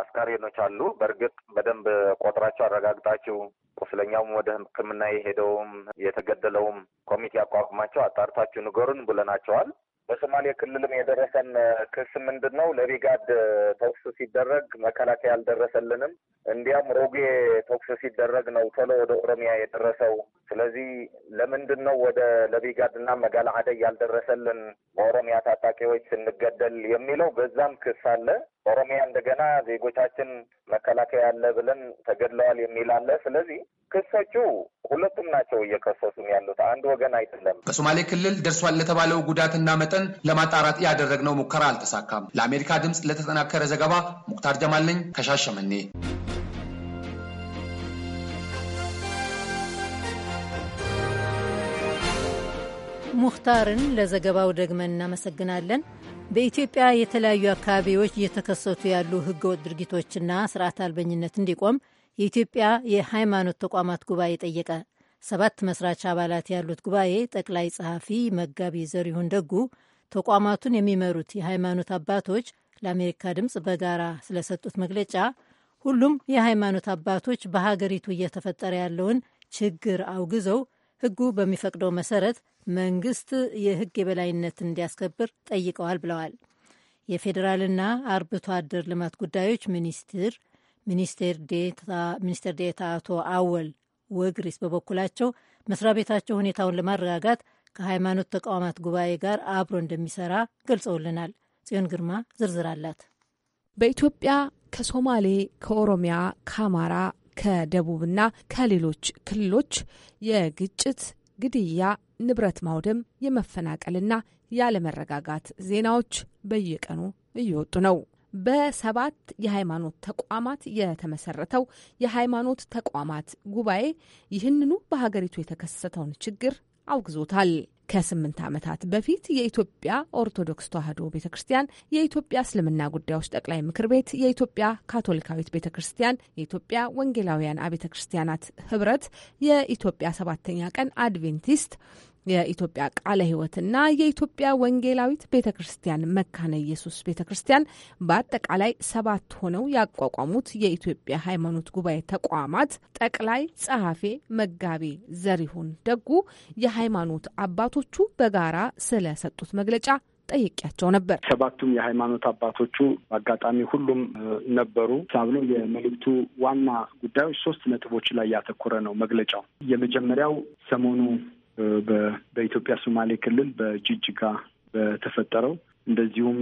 አስከሬኖች አሉ። በእርግጥ በደንብ ቆጥራቸው አረጋግጣችሁ ቁስለኛውም ወደ ሕክምና የሄደውም የተገደለውም ኮሚቴ አቋቁማቸው አጣርታችሁ ንገሩን ብለናቸዋል። በሶማሌ ክልልም የደረሰን ክስ ምንድን ነው? ለቢጋድ ተኩስ ሲደረግ መከላከያ አልደረሰልንም። እንዲያም ሮጌ ተኩስ ሲደረግ ነው ቶሎ ወደ ኦሮሚያ የደረሰው ስለዚህ ለምንድን ነው ወደ ለቢጋድና መጋላ አደይ ያልደረሰልን በኦሮሚያ ታጣቂዎች ስንገደል የሚለው በዛም ክስ አለ። ኦሮሚያ እንደገና ዜጎቻችን መከላከያ አለ ብለን ተገድለዋል የሚል አለ። ስለዚህ ክሶቹ ሁለቱም ናቸው እየከሰሱም ያሉት አንድ ወገን አይደለም። በሶማሌ ክልል ደርሷል ለተባለው ጉዳትና መጠን ለማጣራት ያደረግነው ሙከራ አልተሳካም። ለአሜሪካ ድምፅ ለተጠናከረ ዘገባ ሙክታር ጀማል ነኝ ከሻሸመኔ ሙኽታርን ለዘገባው ደግመን እናመሰግናለን። በኢትዮጵያ የተለያዩ አካባቢዎች እየተከሰቱ ያሉ ህገወጥ ድርጊቶችና ስርዓት አልበኝነት እንዲቆም የኢትዮጵያ የሃይማኖት ተቋማት ጉባኤ ጠየቀ። ሰባት መስራች አባላት ያሉት ጉባኤ ጠቅላይ ጸሐፊ መጋቢ ዘሪሁን ደጉ ተቋማቱን የሚመሩት የሃይማኖት አባቶች ለአሜሪካ ድምፅ በጋራ ስለሰጡት መግለጫ ሁሉም የሃይማኖት አባቶች በሀገሪቱ እየተፈጠረ ያለውን ችግር አውግዘው ህጉ በሚፈቅደው መሰረት መንግስት የህግ የበላይነት እንዲያስከብር ጠይቀዋል ብለዋል። የፌዴራልና አርብቶ አደር ልማት ጉዳዮች ሚኒስትር ሚኒስትር ዴታ አቶ አወል ወግሪስ በበኩላቸው መስሪያ ቤታቸው ሁኔታውን ለማረጋጋት ከሃይማኖት ተቋማት ጉባኤ ጋር አብሮ እንደሚሰራ ገልጸውልናል። ጽዮን ግርማ ዝርዝር አላት። በኢትዮጵያ ከሶማሌ፣ ከኦሮሚያ፣ ከአማራ፣ ከደቡብና ከሌሎች ክልሎች የግጭት፣ ግድያ፣ ንብረት ማውደም፣ የመፈናቀልና ያለመረጋጋት ዜናዎች በየቀኑ እየወጡ ነው። በሰባት የሃይማኖት ተቋማት የተመሰረተው የሃይማኖት ተቋማት ጉባኤ ይህንኑ በሀገሪቱ የተከሰተውን ችግር አውግዞታል። ከስምንት ዓመታት በፊት የኢትዮጵያ ኦርቶዶክስ ተዋሕዶ ቤተ ክርስቲያን፣ የኢትዮጵያ እስልምና ጉዳዮች ጠቅላይ ምክር ቤት፣ የኢትዮጵያ ካቶሊካዊት ቤተ ክርስቲያን፣ የኢትዮጵያ ወንጌላውያን አብያተ ክርስቲያናት ህብረት፣ የኢትዮጵያ ሰባተኛ ቀን አድቬንቲስት የኢትዮጵያ ቃለ ሕይወትና የኢትዮጵያ ወንጌላዊት ቤተ ክርስቲያን መካነ ኢየሱስ ቤተ ክርስቲያን በአጠቃላይ ሰባት ሆነው ያቋቋሙት የኢትዮጵያ ሃይማኖት ጉባኤ ተቋማት ጠቅላይ ጸሐፌ መጋቤ ዘሪሁን ደጉ የሃይማኖት አባቶቹ በጋራ ስለሰጡት መግለጫ ጠይቄያቸው ነበር። ሰባቱም የሃይማኖት አባቶቹ በአጋጣሚ ሁሉም ነበሩ። ሳብሎ የመልእክቱ ዋና ጉዳዮች ሶስት ነጥቦች ላይ ያተኮረ ነው መግለጫው። የመጀመሪያው ሰሞኑ በኢትዮጵያ ሶማሌ ክልል በጅጅጋ በተፈጠረው እንደዚሁም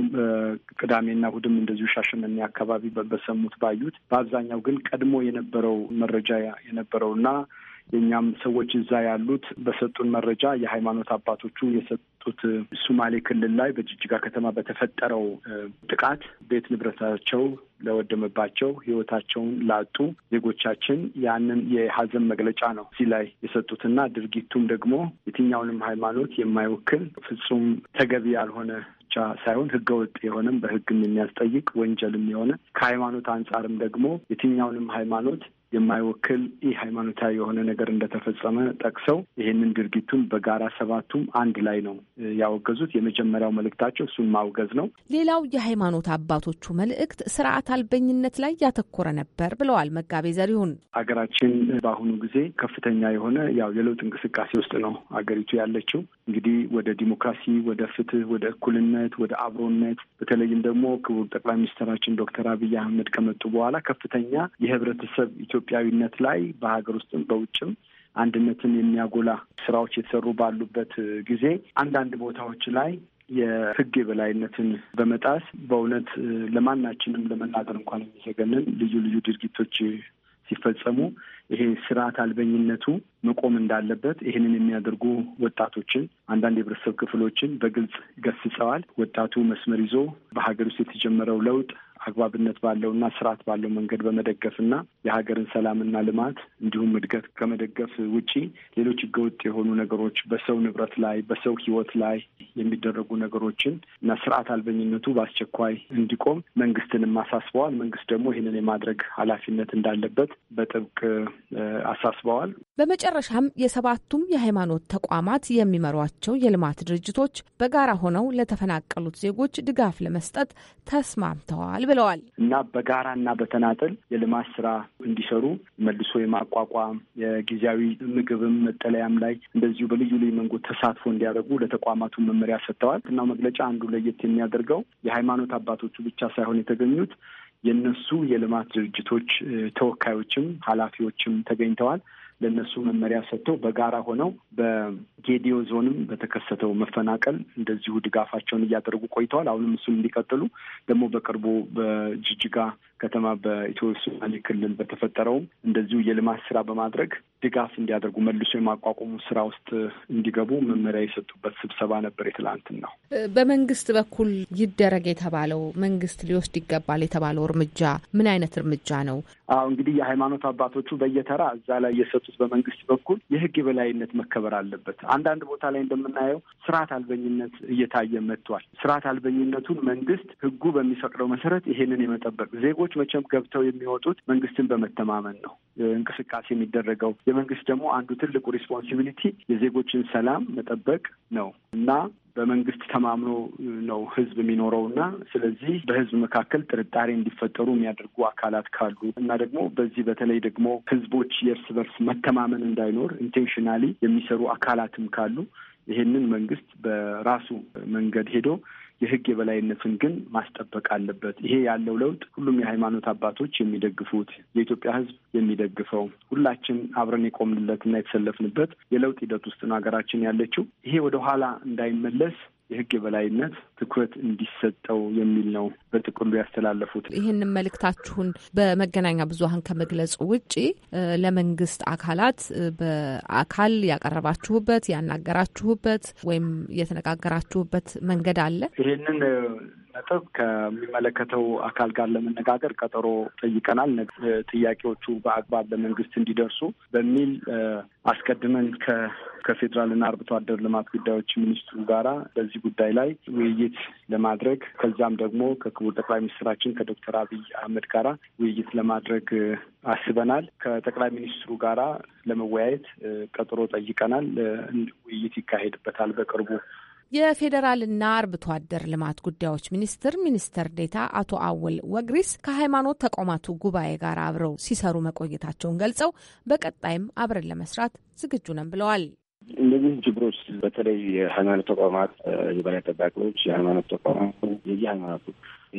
ቅዳሜና ሁድም እንደዚሁ ሻሸመኔ አካባቢ በሰሙት ባዩት፣ በአብዛኛው ግን ቀድሞ የነበረው መረጃ የነበረው እና የእኛም ሰዎች እዛ ያሉት በሰጡን መረጃ የሃይማኖት አባቶቹ የሰጡ በመጡት ሱማሌ ክልል ላይ በጅጅጋ ከተማ በተፈጠረው ጥቃት ቤት ንብረታቸው ለወደመባቸው ህይወታቸውን ላጡ ዜጎቻችን ያንን የሀዘን መግለጫ ነው እዚህ ላይ የሰጡትና ድርጊቱም ደግሞ የትኛውንም ሃይማኖት የማይወክል ፍጹም ተገቢ ያልሆነ ብቻ ሳይሆን ህገወጥ የሆነም በህግም የሚያስጠይቅ ወንጀልም የሆነ ከሃይማኖት አንጻርም ደግሞ የትኛውንም ሃይማኖት የማይወክል ይህ ሃይማኖታዊ የሆነ ነገር እንደተፈጸመ ጠቅሰው ይህንን ድርጊቱን በጋራ ሰባቱም አንድ ላይ ነው ያወገዙት። የመጀመሪያው መልእክታቸው እሱን ማውገዝ ነው። ሌላው የሃይማኖት አባቶቹ መልእክት ስርዓት አልበኝነት ላይ ያተኮረ ነበር ብለዋል መጋቤ ዘሪሁን። አገራችን በአሁኑ ጊዜ ከፍተኛ የሆነ ያው የለውጥ እንቅስቃሴ ውስጥ ነው አገሪቱ ያለችው። እንግዲህ ወደ ዲሞክራሲ፣ ወደ ፍትህ፣ ወደ እኩልነት፣ ወደ አብሮነት በተለይም ደግሞ ክቡር ጠቅላይ ሚኒስትራችን ዶክተር አብይ አህመድ ከመጡ በኋላ ከፍተኛ የህብረተሰብ ኢትዮጵያዊነት ላይ በሀገር ውስጥም በውጭም አንድነትን የሚያጎላ ስራዎች የተሰሩ ባሉበት ጊዜ አንዳንድ ቦታዎች ላይ የህግ የበላይነትን በመጣስ በእውነት ለማናችንም ለመናገር እንኳን የሚዘገንን ልዩ ልዩ ድርጊቶች ሲፈጸሙ ይሄ ስርዓት አልበኝነቱ መቆም እንዳለበት ይህንን የሚያደርጉ ወጣቶችን አንዳንድ የህብረተሰብ ክፍሎችን በግልጽ ገስጸዋል። ወጣቱ መስመር ይዞ በሀገር ውስጥ የተጀመረው ለውጥ አግባብነት ባለውና ስርዓት ባለው መንገድ በመደገፍና የሀገርን ሰላምና ልማት እንዲሁም እድገት ከመደገፍ ውጪ ሌሎች ህገወጥ የሆኑ ነገሮች በሰው ንብረት ላይ በሰው ህይወት ላይ የሚደረጉ ነገሮችን እና ስርዓት አልበኝነቱ በአስቸኳይ እንዲቆም መንግስትንም አሳስበዋል። መንግስት ደግሞ ይህንን የማድረግ ኃላፊነት እንዳለበት በጥብቅ አሳስበዋል። በመጨረሻም የሰባቱም የሃይማኖት ተቋማት የሚመሯቸው የልማት ድርጅቶች በጋራ ሆነው ለተፈናቀሉት ዜጎች ድጋፍ ለመስጠት ተስማምተዋል ብለዋል እና በጋራ እና በተናጠል የልማት ስራ እንዲሰሩ መልሶ የማቋቋም የጊዜያዊ ምግብም መጠለያም ላይ እንደዚሁ በልዩ ልዩ መንገድ ተሳትፎ እንዲያደርጉ ለተቋማቱ መመሪያ ሰጥተዋል። እናው መግለጫ አንዱ ለየት የሚያደርገው የሃይማኖት አባቶቹ ብቻ ሳይሆን የተገኙት የእነሱ የልማት ድርጅቶች ተወካዮችም ኃላፊዎችም ተገኝተዋል። ለእነሱ መመሪያ ሰጥተው በጋራ ሆነው በጌዲዮ ዞንም በተከሰተው መፈናቀል እንደዚሁ ድጋፋቸውን እያደረጉ ቆይተዋል። አሁንም እሱን እንዲቀጥሉ ደግሞ በቅርቡ በጅጅጋ ከተማ በኢትዮ ሶማሌ ክልል በተፈጠረውም እንደዚሁ የልማት ስራ በማድረግ ድጋፍ እንዲያደርጉ መልሶ የማቋቋሙ ስራ ውስጥ እንዲገቡ መመሪያ የሰጡበት ስብሰባ ነበር። የትላንትን ነው። በመንግስት በኩል ይደረግ የተባለው መንግስት ሊወስድ ይገባል የተባለው እርምጃ ምን አይነት እርምጃ ነው? አሁ እንግዲህ የሃይማኖት አባቶቹ በየተራ እዛ ላይ የሰጡት በመንግስት በኩል የህግ የበላይነት መከበር አለበት። አንዳንድ ቦታ ላይ እንደምናየው ስርዓት አልበኝነት እየታየ መጥቷል። ስርዓት አልበኝነቱን መንግስት ህጉ በሚፈቅደው መሰረት ይሄንን የመጠበቅ ዜጎ ሰዎች መቼም ገብተው የሚወጡት መንግስትን በመተማመን ነው እንቅስቃሴ የሚደረገው። የመንግስት ደግሞ አንዱ ትልቁ ሪስፖንሲቢሊቲ የዜጎችን ሰላም መጠበቅ ነው እና በመንግስት ተማምኖ ነው ህዝብ የሚኖረው እና ስለዚህ በህዝብ መካከል ጥርጣሬ እንዲፈጠሩ የሚያደርጉ አካላት ካሉ እና ደግሞ በዚህ በተለይ ደግሞ ህዝቦች የእርስ በርስ መተማመን እንዳይኖር ኢንቴንሽናሊ የሚሰሩ አካላትም ካሉ ይሄንን መንግስት በራሱ መንገድ ሄዶ የህግ የበላይነትን ግን ማስጠበቅ አለበት። ይሄ ያለው ለውጥ ሁሉም የሃይማኖት አባቶች የሚደግፉት፣ የኢትዮጵያ ህዝብ የሚደግፈው፣ ሁላችን አብረን የቆምንለትና የተሰለፍንበት የለውጥ ሂደት ውስጥ ነው ሀገራችን ያለችው። ይሄ ወደ ኋላ እንዳይመለስ የህግ የበላይነት ትኩረት እንዲሰጠው የሚል ነው በጥቅሉ ያስተላለፉት። ይህንን መልእክታችሁን በመገናኛ ብዙኃን ከመግለጹ ውጪ ለመንግስት አካላት በአካል ያቀረባችሁበት ያናገራችሁበት ወይም የተነጋገራችሁበት መንገድ አለ? ይህንን ነጥብ ከሚመለከተው አካል ጋር ለመነጋገር ቀጠሮ ጠይቀናል። ጥያቄዎቹ በአግባብ ለመንግስት እንዲደርሱ በሚል አስቀድመን ከፌዴራልና አርብቶ አደር ልማት ጉዳዮች ሚኒስትሩ ጋራ በዚህ ጉዳይ ላይ ውይይት ለማድረግ ከዚያም ደግሞ ከክቡር ጠቅላይ ሚኒስትራችን ከዶክተር አብይ አህመድ ጋራ ውይይት ለማድረግ አስበናል። ከጠቅላይ ሚኒስትሩ ጋራ ለመወያየት ቀጠሮ ጠይቀናል። ውይይት ይካሄድበታል በቅርቡ የፌዴራልና አርብቶ አደር ልማት ጉዳዮች ሚኒስትር ሚኒስትር ዴታ አቶ አወል ወግሪስ ከሃይማኖት ተቋማቱ ጉባኤ ጋር አብረው ሲሰሩ መቆየታቸውን ገልጸው በቀጣይም አብረን ለመስራት ዝግጁ ነን ብለዋል። እነዚህ ጅብሮች በተለይ የሃይማኖት ተቋማት የበላይ ጠባቂዎች፣ የሃይማኖት ተቋማቱ የየሃይማኖቱ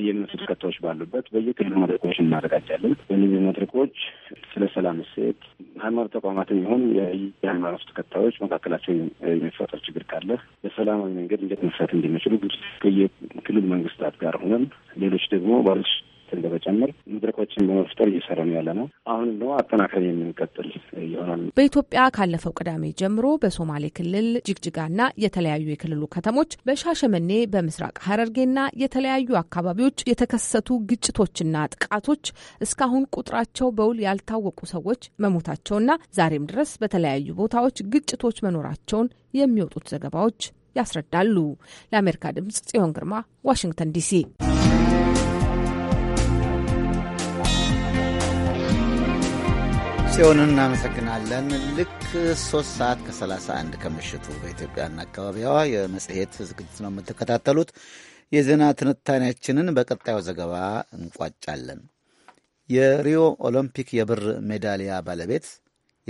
የእምነት ተከታዮች ባሉበት በየክልሉ መድረኮች እናዘጋጃለን። በእነዚህ መድረኮች ስለ ሰላም እሴት፣ ሃይማኖት ተቋማትም ይሁን የሃይማኖት ተከታዮች መካከላቸው የሚፈጠር ችግር ካለ በሰላማዊ መንገድ እንዴት መፍታት እንደሚችሉ ግጭት ከየክልል መንግስታት ጋር ሆነን ሌሎች ደግሞ ባለድርሻ ክትትል በመጨመር መድረኮችን በመፍጠር እየሰራ ነው ያለ ነው። አሁን ደግሞ አጠናከር የምንቀጥል ይሆናል። በኢትዮጵያ ካለፈው ቅዳሜ ጀምሮ በሶማሌ ክልል ጅግጅጋና የተለያዩ የክልሉ ከተሞች በሻሸመኔ በምስራቅ ሐረርጌና የተለያዩ አካባቢዎች የተከሰቱ ግጭቶችና ጥቃቶች እስካሁን ቁጥራቸው በውል ያልታወቁ ሰዎች መሞታቸውና ዛሬም ድረስ በተለያዩ ቦታዎች ግጭቶች መኖራቸውን የሚወጡት ዘገባዎች ያስረዳሉ። ለአሜሪካ ድምጽ ጽዮን ግርማ ዋሽንግተን ዲሲ። ጽዮንን እናመሰግናለን። ልክ ሶስት ሰዓት ከ31 ከምሽቱ በኢትዮጵያና አካባቢዋ የመጽሔት ዝግጅት ነው የምትከታተሉት። የዜና ትንታኔያችንን በቀጣዩ ዘገባ እንቋጫለን። የሪዮ ኦሎምፒክ የብር ሜዳሊያ ባለቤት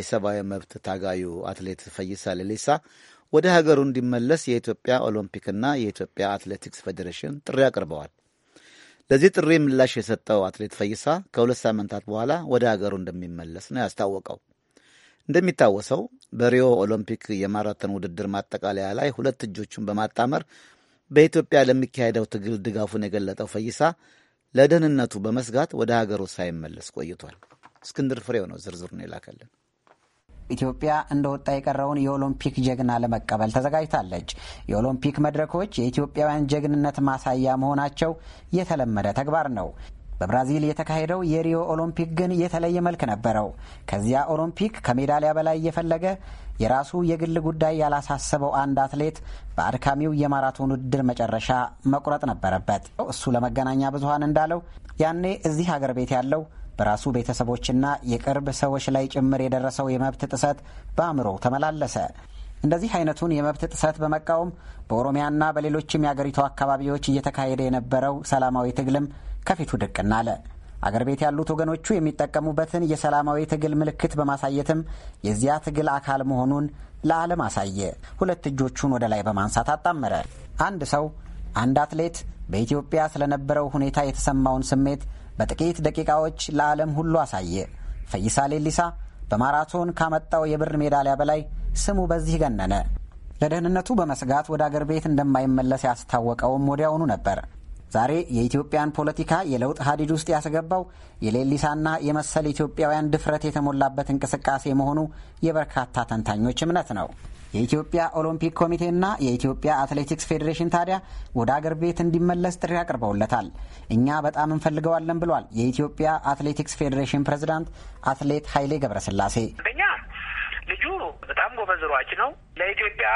የሰብአዊ መብት ታጋዩ አትሌት ፈይሳ ሌሊሳ ወደ ሀገሩ እንዲመለስ የኢትዮጵያ ኦሎምፒክና የኢትዮጵያ አትሌቲክስ ፌዴሬሽን ጥሪ አቅርበዋል። ለዚህ ጥሪ ምላሽ የሰጠው አትሌት ፈይሳ ከሁለት ሳምንታት በኋላ ወደ አገሩ እንደሚመለስ ነው ያስታወቀው። እንደሚታወሰው በሪዮ ኦሎምፒክ የማራተን ውድድር ማጠቃለያ ላይ ሁለት እጆቹን በማጣመር በኢትዮጵያ ለሚካሄደው ትግል ድጋፉን የገለጠው ፈይሳ ለደህንነቱ በመስጋት ወደ ሀገሩ ሳይመለስ ቆይቷል። እስክንድር ፍሬው ነው ዝርዝሩን የላከልን። ኢትዮጵያ እንደወጣ የቀረውን የኦሎምፒክ ጀግና ለመቀበል ተዘጋጅታለች። የኦሎምፒክ መድረኮች የኢትዮጵያውያን ጀግንነት ማሳያ መሆናቸው የተለመደ ተግባር ነው። በብራዚል የተካሄደው የሪዮ ኦሎምፒክ ግን የተለየ መልክ ነበረው። ከዚያ ኦሎምፒክ ከሜዳሊያ በላይ የፈለገ የራሱ የግል ጉዳይ ያላሳሰበው አንድ አትሌት በአድካሚው የማራቶን ውድድር መጨረሻ መቁረጥ ነበረበት። እሱ ለመገናኛ ብዙኃን እንዳለው ያኔ እዚህ ሀገር ቤት ያለው በራሱ ቤተሰቦችና የቅርብ ሰዎች ላይ ጭምር የደረሰው የመብት ጥሰት በአእምሮው ተመላለሰ። እንደዚህ አይነቱን የመብት ጥሰት በመቃወም በኦሮሚያና በሌሎችም የአገሪቱ አካባቢዎች እየተካሄደ የነበረው ሰላማዊ ትግልም ከፊቱ ድቅና አለ። አገር ቤት ያሉት ወገኖቹ የሚጠቀሙበትን የሰላማዊ ትግል ምልክት በማሳየትም የዚያ ትግል አካል መሆኑን ለዓለም አሳየ። ሁለት እጆቹን ወደ ላይ በማንሳት አጣመረ። አንድ ሰው አንድ አትሌት በኢትዮጵያ ስለነበረው ሁኔታ የተሰማውን ስሜት በጥቂት ደቂቃዎች ለዓለም ሁሉ አሳየ። ፈይሳ ሌሊሳ በማራቶን ካመጣው የብር ሜዳሊያ በላይ ስሙ በዚህ ገነነ። ለደህንነቱ በመስጋት ወደ አገር ቤት እንደማይመለስ ያስታወቀውም ወዲያውኑ ነበር። ዛሬ የኢትዮጵያን ፖለቲካ የለውጥ ሀዲድ ውስጥ ያስገባው የሌሊሳና የመሰል ኢትዮጵያውያን ድፍረት የተሞላበት እንቅስቃሴ መሆኑ የበርካታ ተንታኞች እምነት ነው። የኢትዮጵያ ኦሎምፒክ ኮሚቴና የኢትዮጵያ አትሌቲክስ ፌዴሬሽን ታዲያ ወደ አገር ቤት እንዲመለስ ጥሪ አቅርበውለታል። እኛ በጣም እንፈልገዋለን ብሏል የኢትዮጵያ አትሌቲክስ ፌዴሬሽን ፕሬዝዳንት አትሌት ኃይሌ ገብረስላሴ። አንደኛ ልጁ በጣም ጎበዝ ሯጭ ነው። ለኢትዮጵያ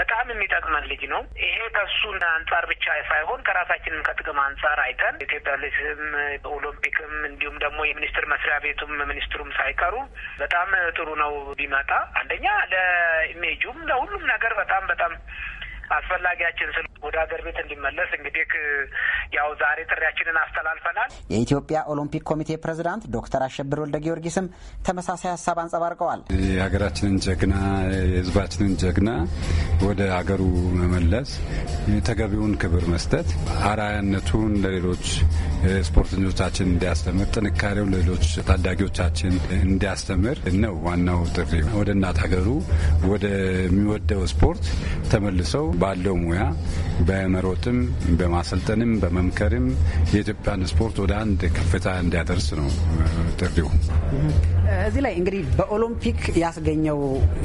በጣም የሚጠቅመን ልጅ ነው። ይሄ ከሱ አንጻር ብቻ ሳይሆን ከራሳችንም ከጥቅም አንጻር አይተን ኢትዮጵያ ልጅም በኦሎምፒክም እንዲሁም ደግሞ የሚኒስትር መስሪያ ቤቱም ሚኒስትሩም ሳይቀሩ በጣም ጥሩ ነው ቢመጣ አንደኛ ለኢሜጁም ለሁሉም ነገር በጣም በጣም አስፈላጊያችን ስል ወደ ሀገር ቤት እንዲመለስ እንግዲህ ያው ዛሬ ጥሪያችንን አስተላልፈናል። የኢትዮጵያ ኦሎምፒክ ኮሚቴ ፕሬዝዳንት ዶክተር አሸብር ወልደ ጊዮርጊስም ተመሳሳይ ሀሳብ አንጸባርቀዋል። የሀገራችንን ጀግና የህዝባችንን ጀግና ወደ ሀገሩ መመለስ፣ ተገቢውን ክብር መስጠት፣ አራያነቱን ለሌሎች ስፖርተኞቻችን እንዲያስተምር፣ ጥንካሬውን ለሌሎች ታዳጊዎቻችን እንዲያስተምር ነው ዋናው ጥሪ ወደ እናት ሀገሩ ወደሚወደው ስፖርት ተመልሰው ባለው ሙያ በመሮጥም በማሰልጠንም በመምከርም የኢትዮጵያን ስፖርት ወደ አንድ ከፍታ እንዲያደርስ ነው ጥሪው። እዚህ ላይ እንግዲህ በኦሎምፒክ ያስገኘው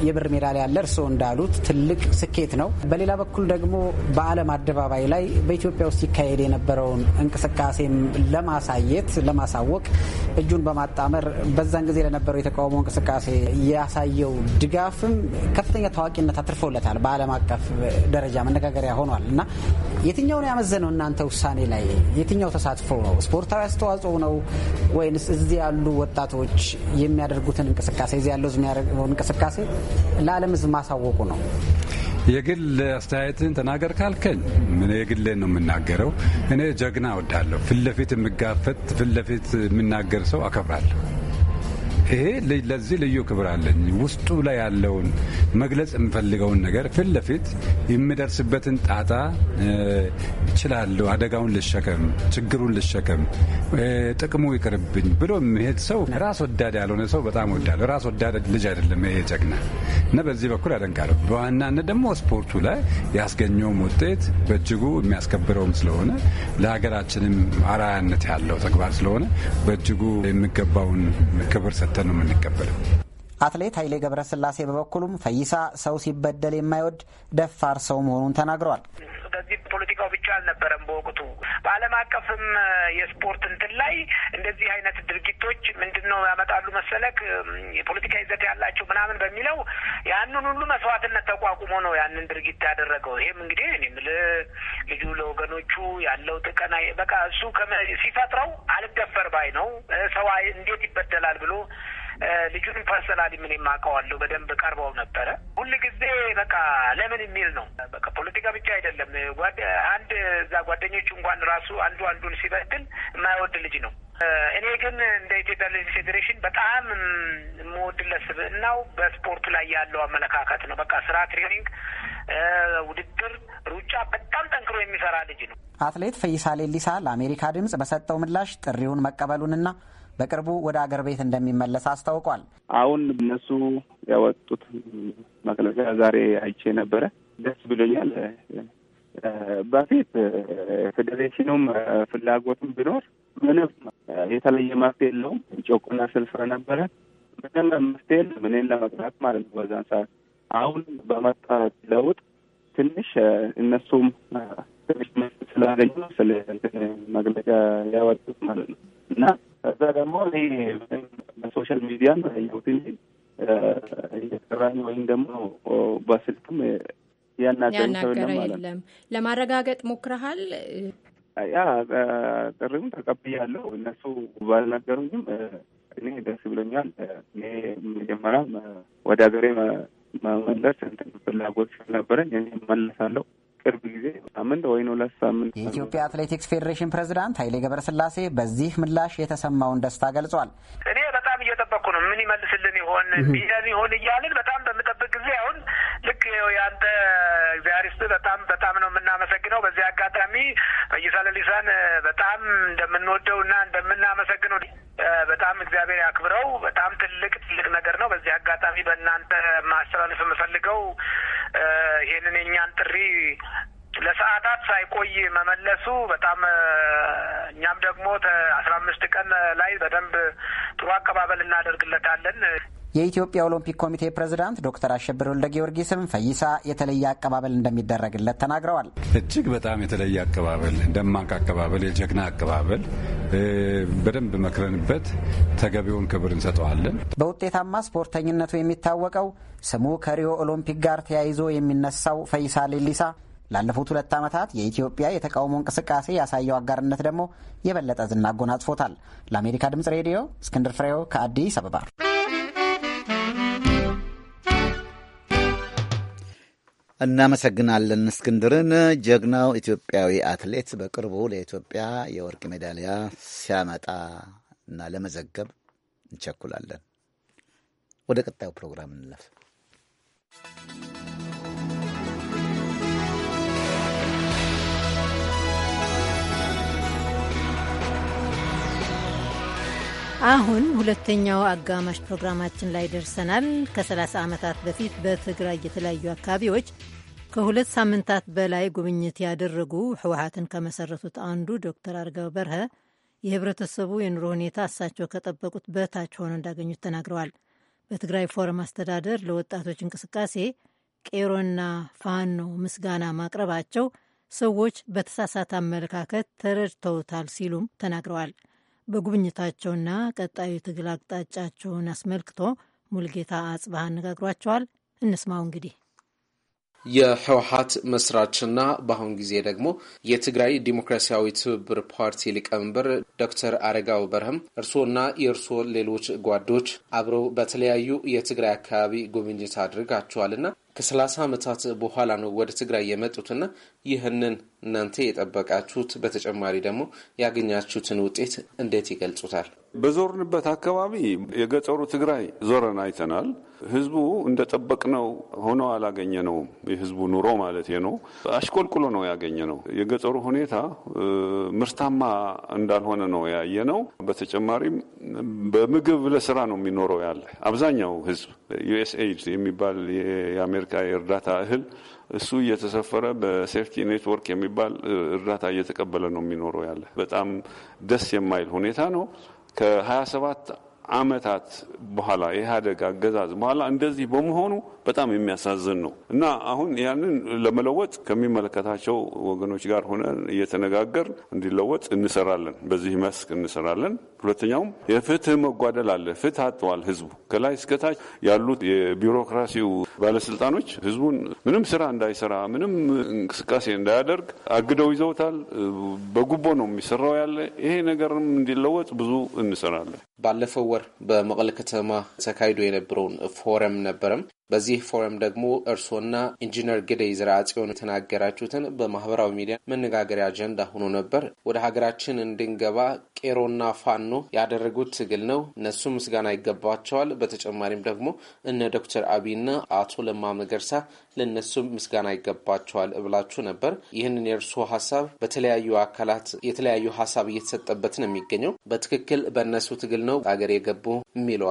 የብር ሜዳሊያ ያለ እርስዎ እንዳሉት ትልቅ ስኬት ነው። በሌላ በኩል ደግሞ በዓለም አደባባይ ላይ በኢትዮጵያ ውስጥ ሲካሄድ የነበረውን እንቅስቃሴም ለማሳየት ለማሳወቅ እጁን በማጣመር በዛን ጊዜ ለነበረው የተቃውሞ እንቅስቃሴ ያሳየው ድጋፍም ከፍተኛ ታዋቂነት አትርፎለታል በዓለም አቀፍ ደረጃ ደረጃ መነጋገሪያ ሆኗል እና የትኛው ነው ያመዘነው? እናንተ ውሳኔ ላይ የትኛው ተሳትፎ ነው? ስፖርታዊ አስተዋጽኦ ነው ወይንስ እዚህ ያሉ ወጣቶች የሚያደርጉትን እንቅስቃሴ እዚህ ያለው የሚያደርገውን እንቅስቃሴ ለአለም ህዝብ ማሳወቁ ነው? የግል አስተያየትን ተናገር ካልከኝ እኔ የግሌን ነው የምናገረው። እኔ ጀግና እወዳለሁ። ፊት ለፊት የሚጋፈጥ ፊት ለፊት የሚናገር ሰው አከብራለሁ። ይሄ ለዚህ ልዩ ክብር አለኝ። ውስጡ ላይ ያለውን መግለጽ የምፈልገውን ነገር ፊት ለፊት ጣጣ እችላለሁ፣ አደጋውን ልሸከም፣ ችግሩን ልሸከም፣ ጥቅሙ ይቅርብኝ ብሎ የሚሄድ ሰው ራስ ወዳድ ያልሆነ ሰው በጣም ወዳለ ራስ ወዳድ ልጅ አይደለም ይሄ ጀግና እና በዚህ በኩል አደንቃለሁ። በዋናነት ደግሞ ስፖርቱ ላይ ያስገኘውም ውጤት በእጅጉ የሚያስከብረውም ስለሆነ ለሀገራችንም አራያነት ያለው ተግባር ስለሆነ በእጅጉ የሚገባውን ክብር ሰጥ ሰጥተን ነው የምንቀበለው። አትሌት ኃይሌ ገብረስላሴ በበኩሉም ፈይሳ ሰው ሲበደል የማይወድ ደፋር ሰው መሆኑን ተናግረዋል። በዚህ ፖለቲካው ብቻ አልነበረም። በወቅቱ በዓለም አቀፍም የስፖርት እንትን ላይ እንደዚህ አይነት ድርጊቶች ምንድን ነው ያመጣሉ መሰለክ የፖለቲካ ይዘት ያላቸው ምናምን በሚለው ያንን ሁሉ መስዋዕትነት ተቋቁሞ ነው ያንን ድርጊት ያደረገው። ይሄም እንግዲህ እኔ የምልህ ልጁ ለወገኖቹ ያለው ጥቀና በቃ እሱ ሲፈጥረው አልደፈር ባይ ነው። ሰው እንዴት ይበደላል ብሎ ልጁን ፐርሰናሊ ምን የማውቀዋለሁ በደንብ ቀርበው ነበረ። ጊዜ በቃ ለምን የሚል ነው። በቃ ፖለቲካ ብቻ አይደለም። አንድ እዛ ጓደኞቹ እንኳን ራሱ አንዱ አንዱን ሲበድል የማይወድ ልጅ ነው። እኔ ግን እንደ ኢትዮጵያ ልጅ ፌዴሬሽን በጣም የምወድለት ስብዕናው በስፖርቱ ላይ ያለው አመለካከት ነው። በቃ ስራ፣ ትሬኒንግ፣ ውድድር፣ ሩጫ በጣም ጠንክሮ የሚሰራ ልጅ ነው። አትሌት ፈይሳ ሌሊሳ ለአሜሪካ ድምጽ በሰጠው ምላሽ ጥሪውን መቀበሉንና በቅርቡ ወደ አገር ቤት እንደሚመለስ አስታውቋል። አሁን እነሱ ያወጡት መግለጫ ዛሬ አይቼ ነበረ። ደስ ብሎኛል። በፊት ፌዴሬሽኑም ፍላጎትም ቢኖር ምንም የተለየ መፍትሄ የለውም። ጮቁና ስልፍረ ነበረ። ምንም መፍትሄ የለም እኔን ማለት ነው በዛን ሰዓት። አሁን በመጣ ለውጥ ትንሽ እነሱም ትንሽ ስላገኙ ስለ መግለጫ ያወጡት ማለት ነው እና እዛ ደግሞ በሶሻል ሚዲያም ያዩት እንጂ እየሰራኝ ወይም ደግሞ በስልክም ያናገረኝ ሰው የለም ማለት ለማረጋገጥ ሞክረሃል? ያ ጥሪውን ተቀብያለሁ። እነሱ ባልነገሩኝም እኔ ደስ ብሎኛል። እኔ መጀመሪያም ወደ ሀገሬ መመለስ ፍላጎት ስለነበረኝ እኔ እመለሳለሁ በቅርብ ጊዜ ሳምንት ወይም ሁለት ሳምንት የኢትዮጵያ አትሌቲክስ ፌዴሬሽን ፕሬዝዳንት ኃይሌ ገብረስላሴ በዚህ ምላሽ የተሰማውን ደስታ ገልጿል። እኔ በጣም እየጠበቅኩ ነው። ምን ይመልስልን ይሆን ቢለን ይሆን እያልን በጣም በምጠብቅ ጊዜ አሁን ልክ የአንተ እግዚአብሔር ይስጥ በጣም በጣም ነው የምናመሰግነው። በዚህ አጋጣሚ ፈይሳ ለሊሳን በጣም እንደምንወደው እና እንደምናመሰግነው በጣም እግዚአብሔር ያክብረው። በጣም ትልቅ ሳይቆይ መመለሱ በጣም እኛም ደግሞ አስራ አምስት ቀን ላይ በደንብ ጥሩ አቀባበል እናደርግለታለን። የኢትዮጵያ ኦሎምፒክ ኮሚቴ ፕሬዝዳንት ዶክተር አሸብር ወልደ ጊዮርጊስም ፈይሳ የተለየ አቀባበል እንደሚደረግለት ተናግረዋል። እጅግ በጣም የተለየ አቀባበል፣ ደማቅ አቀባበል፣ የጀግና አቀባበል በደንብ መክረንበት ተገቢውን ክብር እንሰጠዋለን። በውጤታማ ስፖርተኝነቱ የሚታወቀው ስሙ ከሪዮ ኦሎምፒክ ጋር ተያይዞ የሚነሳው ፈይሳ ሌሊሳ ላለፉት ሁለት ዓመታት የኢትዮጵያ የተቃውሞ እንቅስቃሴ ያሳየው አጋርነት ደግሞ የበለጠ ዝና አጎናጽፎታል። ለአሜሪካ ድምፅ ሬዲዮ እስክንድር ፍሬው ከአዲስ አበባ። እናመሰግናለን እስክንድርን። ጀግናው ኢትዮጵያዊ አትሌት በቅርቡ ለኢትዮጵያ የወርቅ ሜዳሊያ ሲያመጣ እና ለመዘገብ እንቸኩላለን። ወደ ቀጣዩ ፕሮግራም እንለፍ። አሁን ሁለተኛው አጋማሽ ፕሮግራማችን ላይ ደርሰናል። ከ30 ዓመታት በፊት በትግራይ የተለያዩ አካባቢዎች ከሁለት ሳምንታት በላይ ጉብኝት ያደረጉ ህወሀትን ከመሰረቱት አንዱ ዶክተር አርጋው በርሀ የህብረተሰቡ የኑሮ ሁኔታ እሳቸው ከጠበቁት በታች ሆኖ እንዳገኙት ተናግረዋል። በትግራይ ፎረም አስተዳደር ለወጣቶች እንቅስቃሴ ቄሮና ፋኖ ምስጋና ማቅረባቸው ሰዎች በተሳሳተ አመለካከት ተረድተውታል ሲሉም ተናግረዋል። በጉብኝታቸውና ቀጣዩ ትግል አቅጣጫቸውን አስመልክቶ ሙልጌታ አጽባህ አነጋግሯቸዋል። እንስማው እንግዲህ የህወሀት መስራችና በአሁን ጊዜ ደግሞ የትግራይ ዲሞክራሲያዊ ትብብር ፓርቲ ሊቀመንበር ዶክተር አረጋው በርህም እርስዎና የእርስዎ ሌሎች ጓዶች አብረው በተለያዩ የትግራይ አካባቢ ጉብኝት አድርጋችኋልና ከሰላሳ ዓመታት በኋላ ነው ወደ ትግራይ የመጡትና ይህንን እናንተ የጠበቃችሁት በተጨማሪ ደግሞ ያገኛችሁትን ውጤት እንዴት ይገልጹታል? በዞርንበት አካባቢ የገጠሩ ትግራይ ዞረን አይተናል። ህዝቡ ነው ሆኖ አላገኘ ነው። የህዝቡ ኑሮ ማለት ነው አሽቆልቁሎ ነው ያገኘ ነው። የገጠሩ ሁኔታ ምርታማ እንዳልሆነ ነው ያየ ነው። በተጨማሪም በምግብ ለስራ ነው የሚኖረው ያለ አብዛኛው ህዝብ ዩኤስኤድ የሚባል የአሜሪካ የእርዳታ እህል እሱ እየተሰፈረ በሴፍቲ ኔትወርክ የሚባል እርዳታ እየተቀበለ ነው የሚኖረው ያለ። በጣም ደስ የማይል ሁኔታ ነው። ከ27 አመታት በኋላ የኢህአዴግ አገዛዝ በኋላ እንደዚህ በመሆኑ በጣም የሚያሳዝን ነው እና አሁን ያንን ለመለወጥ ከሚመለከታቸው ወገኖች ጋር ሆነን እየተነጋገር እንዲለወጥ እንሰራለን። በዚህ መስክ እንሰራለን። ሁለተኛውም የፍትህ መጓደል አለ። ፍትህ አጥተዋል ህዝቡ። ከላይ እስከታች ያሉት የቢሮክራሲው ባለስልጣኖች ህዝቡን ምንም ስራ እንዳይሰራ፣ ምንም እንቅስቃሴ እንዳያደርግ አግደው ይዘውታል። በጉቦ ነው የሚሰራው ያለ። ይሄ ነገርም እንዲለወጥ ብዙ እንሰራለን ባለፈው ወር በመቀለ ከተማ ተካሂዶ የነበረውን ፎረም ነበረም። በዚህ ፎረም ደግሞ እርሶና ኢንጂነር ግደይ ዝርአጽዮን የተናገራችሁትን በማህበራዊ ሚዲያ መነጋገሪያ አጀንዳ ሆኖ ነበር። ወደ ሀገራችን እንድንገባ ቄሮና ፋኖ ያደረጉት ትግል ነው። እነሱ ምስጋና ይገባቸዋል። በተጨማሪም ደግሞ እነ ዶክተር አብይና አቶ ለማ መገርሳ ለእነሱ ምስጋና ይገባቸዋል ብላችሁ ነበር። ይህንን የእርስዎ ሀሳብ በተለያዩ አካላት የተለያዩ ሀሳብ እየተሰጠበት ነው የሚገኘው። በትክክል በእነሱ ትግል ነው ሀገር የገቡ የሚለው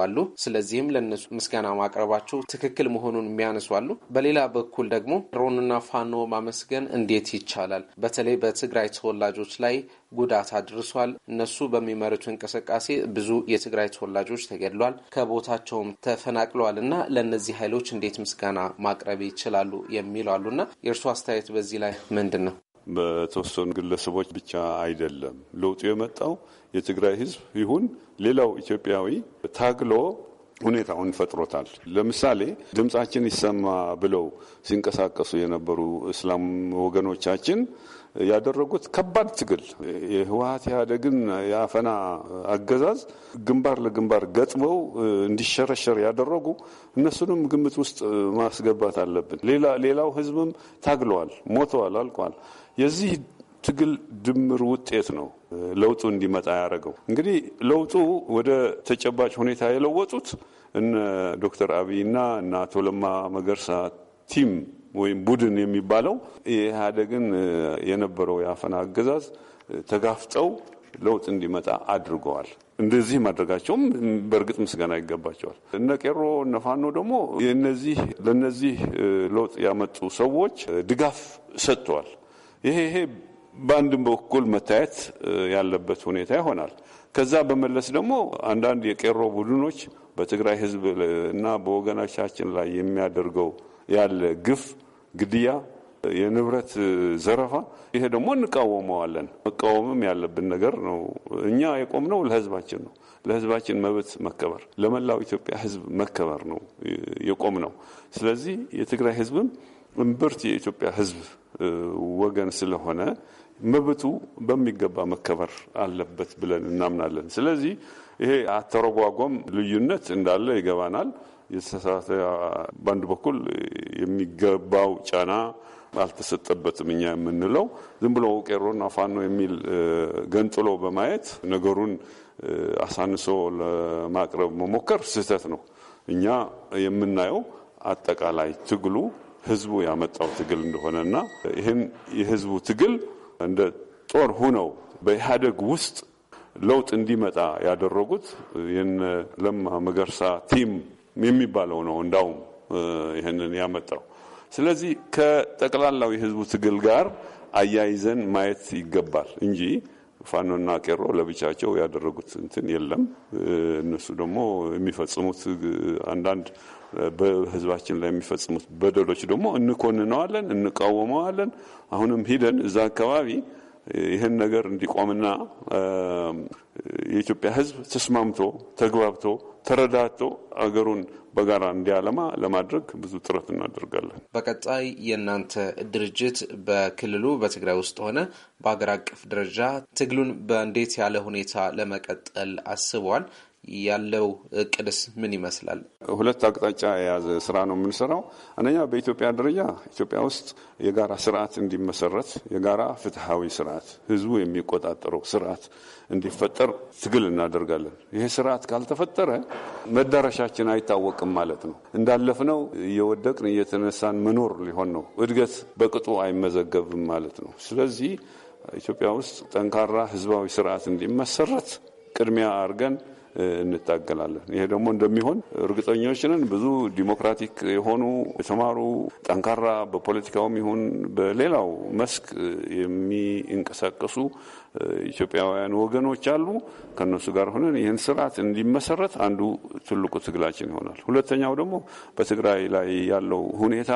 ስለዚህም ለእነሱ ምስጋና ማቅረባቸው ትክክል ትክክል መሆኑን የሚያነሷሉ። በሌላ በኩል ደግሞ ድሮንና ፋኖ ማመስገን እንዴት ይቻላል? በተለይ በትግራይ ተወላጆች ላይ ጉዳት አድርሷል። እነሱ በሚመሩት እንቅስቃሴ ብዙ የትግራይ ተወላጆች ተገድሏል፣ ከቦታቸውም ተፈናቅለዋል እና ለእነዚህ ኃይሎች እንዴት ምስጋና ማቅረብ ይችላሉ የሚሉ አሉና የእርሱ አስተያየት በዚህ ላይ ምንድን ነው? በተወሰኑ ግለሰቦች ብቻ አይደለም ለውጡ የመጣው የትግራይ ህዝብ ይሁን ሌላው ኢትዮጵያዊ ታግሎ ሁኔታውን ፈጥሮታል። ለምሳሌ ድምጻችን ይሰማ ብለው ሲንቀሳቀሱ የነበሩ እስላም ወገኖቻችን ያደረጉት ከባድ ትግል የህወሀት ኢህአዴግን የአፈና አገዛዝ ግንባር ለግንባር ገጥመው እንዲሸረሸር ያደረጉ እነሱንም ግምት ውስጥ ማስገባት አለብን። ሌላው ህዝብም ታግለዋል፣ ሞተዋል፣ አልቋል። የዚህ ትግል ድምር ውጤት ነው ለውጡ እንዲመጣ ያደረገው። እንግዲህ ለውጡ ወደ ተጨባጭ ሁኔታ የለወጡት እነ ዶክተር አብይ እና አቶ ለማ መገርሳ ቲም ወይም ቡድን የሚባለው የኢህአደግን የነበረው የአፈና አገዛዝ ተጋፍጠው ለውጥ እንዲመጣ አድርገዋል። እንደዚህ ማድረጋቸውም በእርግጥ ምስጋና ይገባቸዋል። እነ ቄሮ እነ ፋኖ ደግሞ የነዚህ ለነዚህ ለውጥ ያመጡ ሰዎች ድጋፍ ሰጥተዋል። ይሄ ይሄ በአንድም በኩል መታየት ያለበት ሁኔታ ይሆናል። ከዛ በመለስ ደግሞ አንዳንድ የቄሮ ቡድኖች በትግራይ ህዝብ እና በወገኖቻችን ላይ የሚያደርገው ያለ ግፍ፣ ግድያ፣ የንብረት ዘረፋ ይሄ ደግሞ እንቃወመዋለን። መቃወምም ያለብን ነገር ነው። እኛ የቆምነው ለህዝባችን ነው። ለህዝባችን መብት መከበር፣ ለመላው ኢትዮጵያ ህዝብ መከበር ነው የቆምነው። ስለዚህ የትግራይ ህዝብም እምብርት የኢትዮጵያ ህዝብ ወገን ስለሆነ መብቱ በሚገባ መከበር አለበት ብለን እናምናለን። ስለዚህ ይሄ አተረጓጓም ልዩነት እንዳለ ይገባናል። የተሳሳተ በአንድ በኩል የሚገባው ጫና አልተሰጠበትም እኛ የምንለው ዝም ብሎ ቄሮና ፋኖ የሚል ገንጥሎ በማየት ነገሩን አሳንሶ ለማቅረብ መሞከር ስህተት ነው። እኛ የምናየው አጠቃላይ ትግሉ ህዝቡ ያመጣው ትግል እንደሆነና ይህን የህዝቡ ትግል እንደ ጦር ሁነው በኢህአደግ ውስጥ ለውጥ እንዲመጣ ያደረጉት የነ ለማ መገርሳ ቲም የሚባለው ነው። እንዳውም ይህንን ያመጣው። ስለዚህ ከጠቅላላው የህዝቡ ትግል ጋር አያይዘን ማየት ይገባል እንጂ ፋኖና ቄሮ ለብቻቸው ያደረጉት እንትን የለም። እነሱ ደግሞ የሚፈጽሙት አንዳንድ በህዝባችን ላይ የሚፈጽሙት በደሎች ደግሞ እንኮንነዋለን፣ እንቃወመዋለን። አሁንም ሂደን እዛ አካባቢ ይህን ነገር እንዲቆምና የኢትዮጵያ ህዝብ ተስማምቶ ተግባብቶ ተረዳቶ አገሩን በጋራ እንዲያለማ ለማድረግ ብዙ ጥረት እናደርጋለን። በቀጣይ የእናንተ ድርጅት በክልሉ በትግራይ ውስጥ ሆነ በሀገር አቀፍ ደረጃ ትግሉን በእንዴት ያለ ሁኔታ ለመቀጠል አስበዋል? ያለው እቅድስ ምን ይመስላል? ሁለት አቅጣጫ የያዘ ስራ ነው የምንሰራው። አንደኛ በኢትዮጵያ ደረጃ ኢትዮጵያ ውስጥ የጋራ ስርዓት እንዲመሰረት፣ የጋራ ፍትሐዊ ስርዓት፣ ህዝቡ የሚቆጣጠረው ስርዓት እንዲፈጠር ትግል እናደርጋለን። ይሄ ስርዓት ካልተፈጠረ መዳረሻችን አይታወቅም ማለት ነው። እንዳለፍነው እየወደቅን እየተነሳን መኖር ሊሆን ነው። እድገት በቅጡ አይመዘገብም ማለት ነው። ስለዚህ ኢትዮጵያ ውስጥ ጠንካራ ህዝባዊ ስርዓት እንዲመሰረት ቅድሚያ አድርገን እንታገላለን። ይሄ ደግሞ እንደሚሆን እርግጠኞች ነን። ብዙ ዲሞክራቲክ የሆኑ የተማሩ ጠንካራ በፖለቲካውም ይሁን በሌላው መስክ የሚንቀሳቀሱ ኢትዮጵያውያን ወገኖች አሉ። ከእነሱ ጋር ሆነን ይህን ስርዓት እንዲመሰረት አንዱ ትልቁ ትግላችን ይሆናል። ሁለተኛው ደግሞ በትግራይ ላይ ያለው ሁኔታ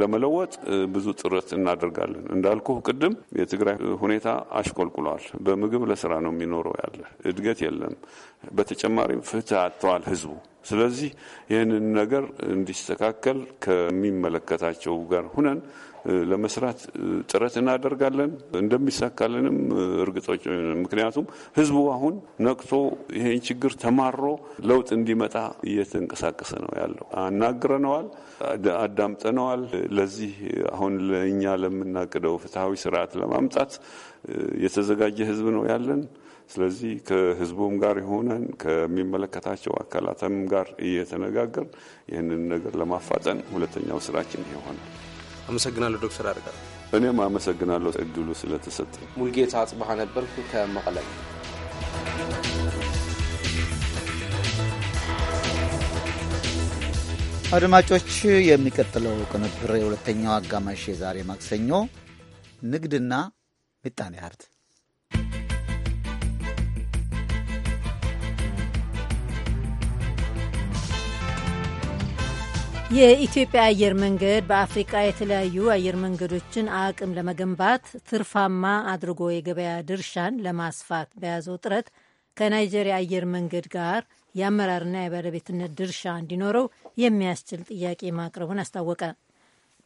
ለመለወጥ ብዙ ጥረት እናደርጋለን። እንዳልኩ ቅድም የትግራይ ሁኔታ አሽቆልቁሏል። በምግብ ለስራ ነው የሚኖረው ያለ እድገት የለም። በተጨማሪም ፍትህ አጥተዋል ህዝቡ። ስለዚህ ይህንን ነገር እንዲስተካከል ከሚመለከታቸው ጋር ሁነን ለመስራት ጥረት እናደርጋለን። እንደሚሳካልንም እርግጦች። ምክንያቱም ህዝቡ አሁን ነቅቶ ይህን ችግር ተማሮ ለውጥ እንዲመጣ እየተንቀሳቀሰ ነው ያለው። አናግረነዋል፣ አዳምጠነዋል። ለዚህ አሁን ለእኛ ለምናቅደው ፍትሐዊ ስርዓት ለማምጣት የተዘጋጀ ህዝብ ነው ያለን። ስለዚህ ከህዝቡም ጋር የሆነን ከሚመለከታቸው አካላትም ጋር እየተነጋገር ይህንን ነገር ለማፋጠን ሁለተኛው ስራችን ይሆናል። አመሰግናለሁ ዶክተር አረጋ። እኔም አመሰግናለሁ እድሉ ስለተሰጠ። ሙልጌታ አጽባሀ ነበርኩ ከመቀለ። አድማጮች የሚቀጥለው ቅንብር የሁለተኛው አጋማሽ የዛሬ ማክሰኞ ንግድና ምጣኔ ሀብት የኢትዮጵያ አየር መንገድ በአፍሪቃ የተለያዩ አየር መንገዶችን አቅም ለመገንባት ትርፋማ አድርጎ የገበያ ድርሻን ለማስፋት በያዘው ጥረት ከናይጄሪያ አየር መንገድ ጋር የአመራርና የባለቤትነት ድርሻ እንዲኖረው የሚያስችል ጥያቄ ማቅረቡን አስታወቀ።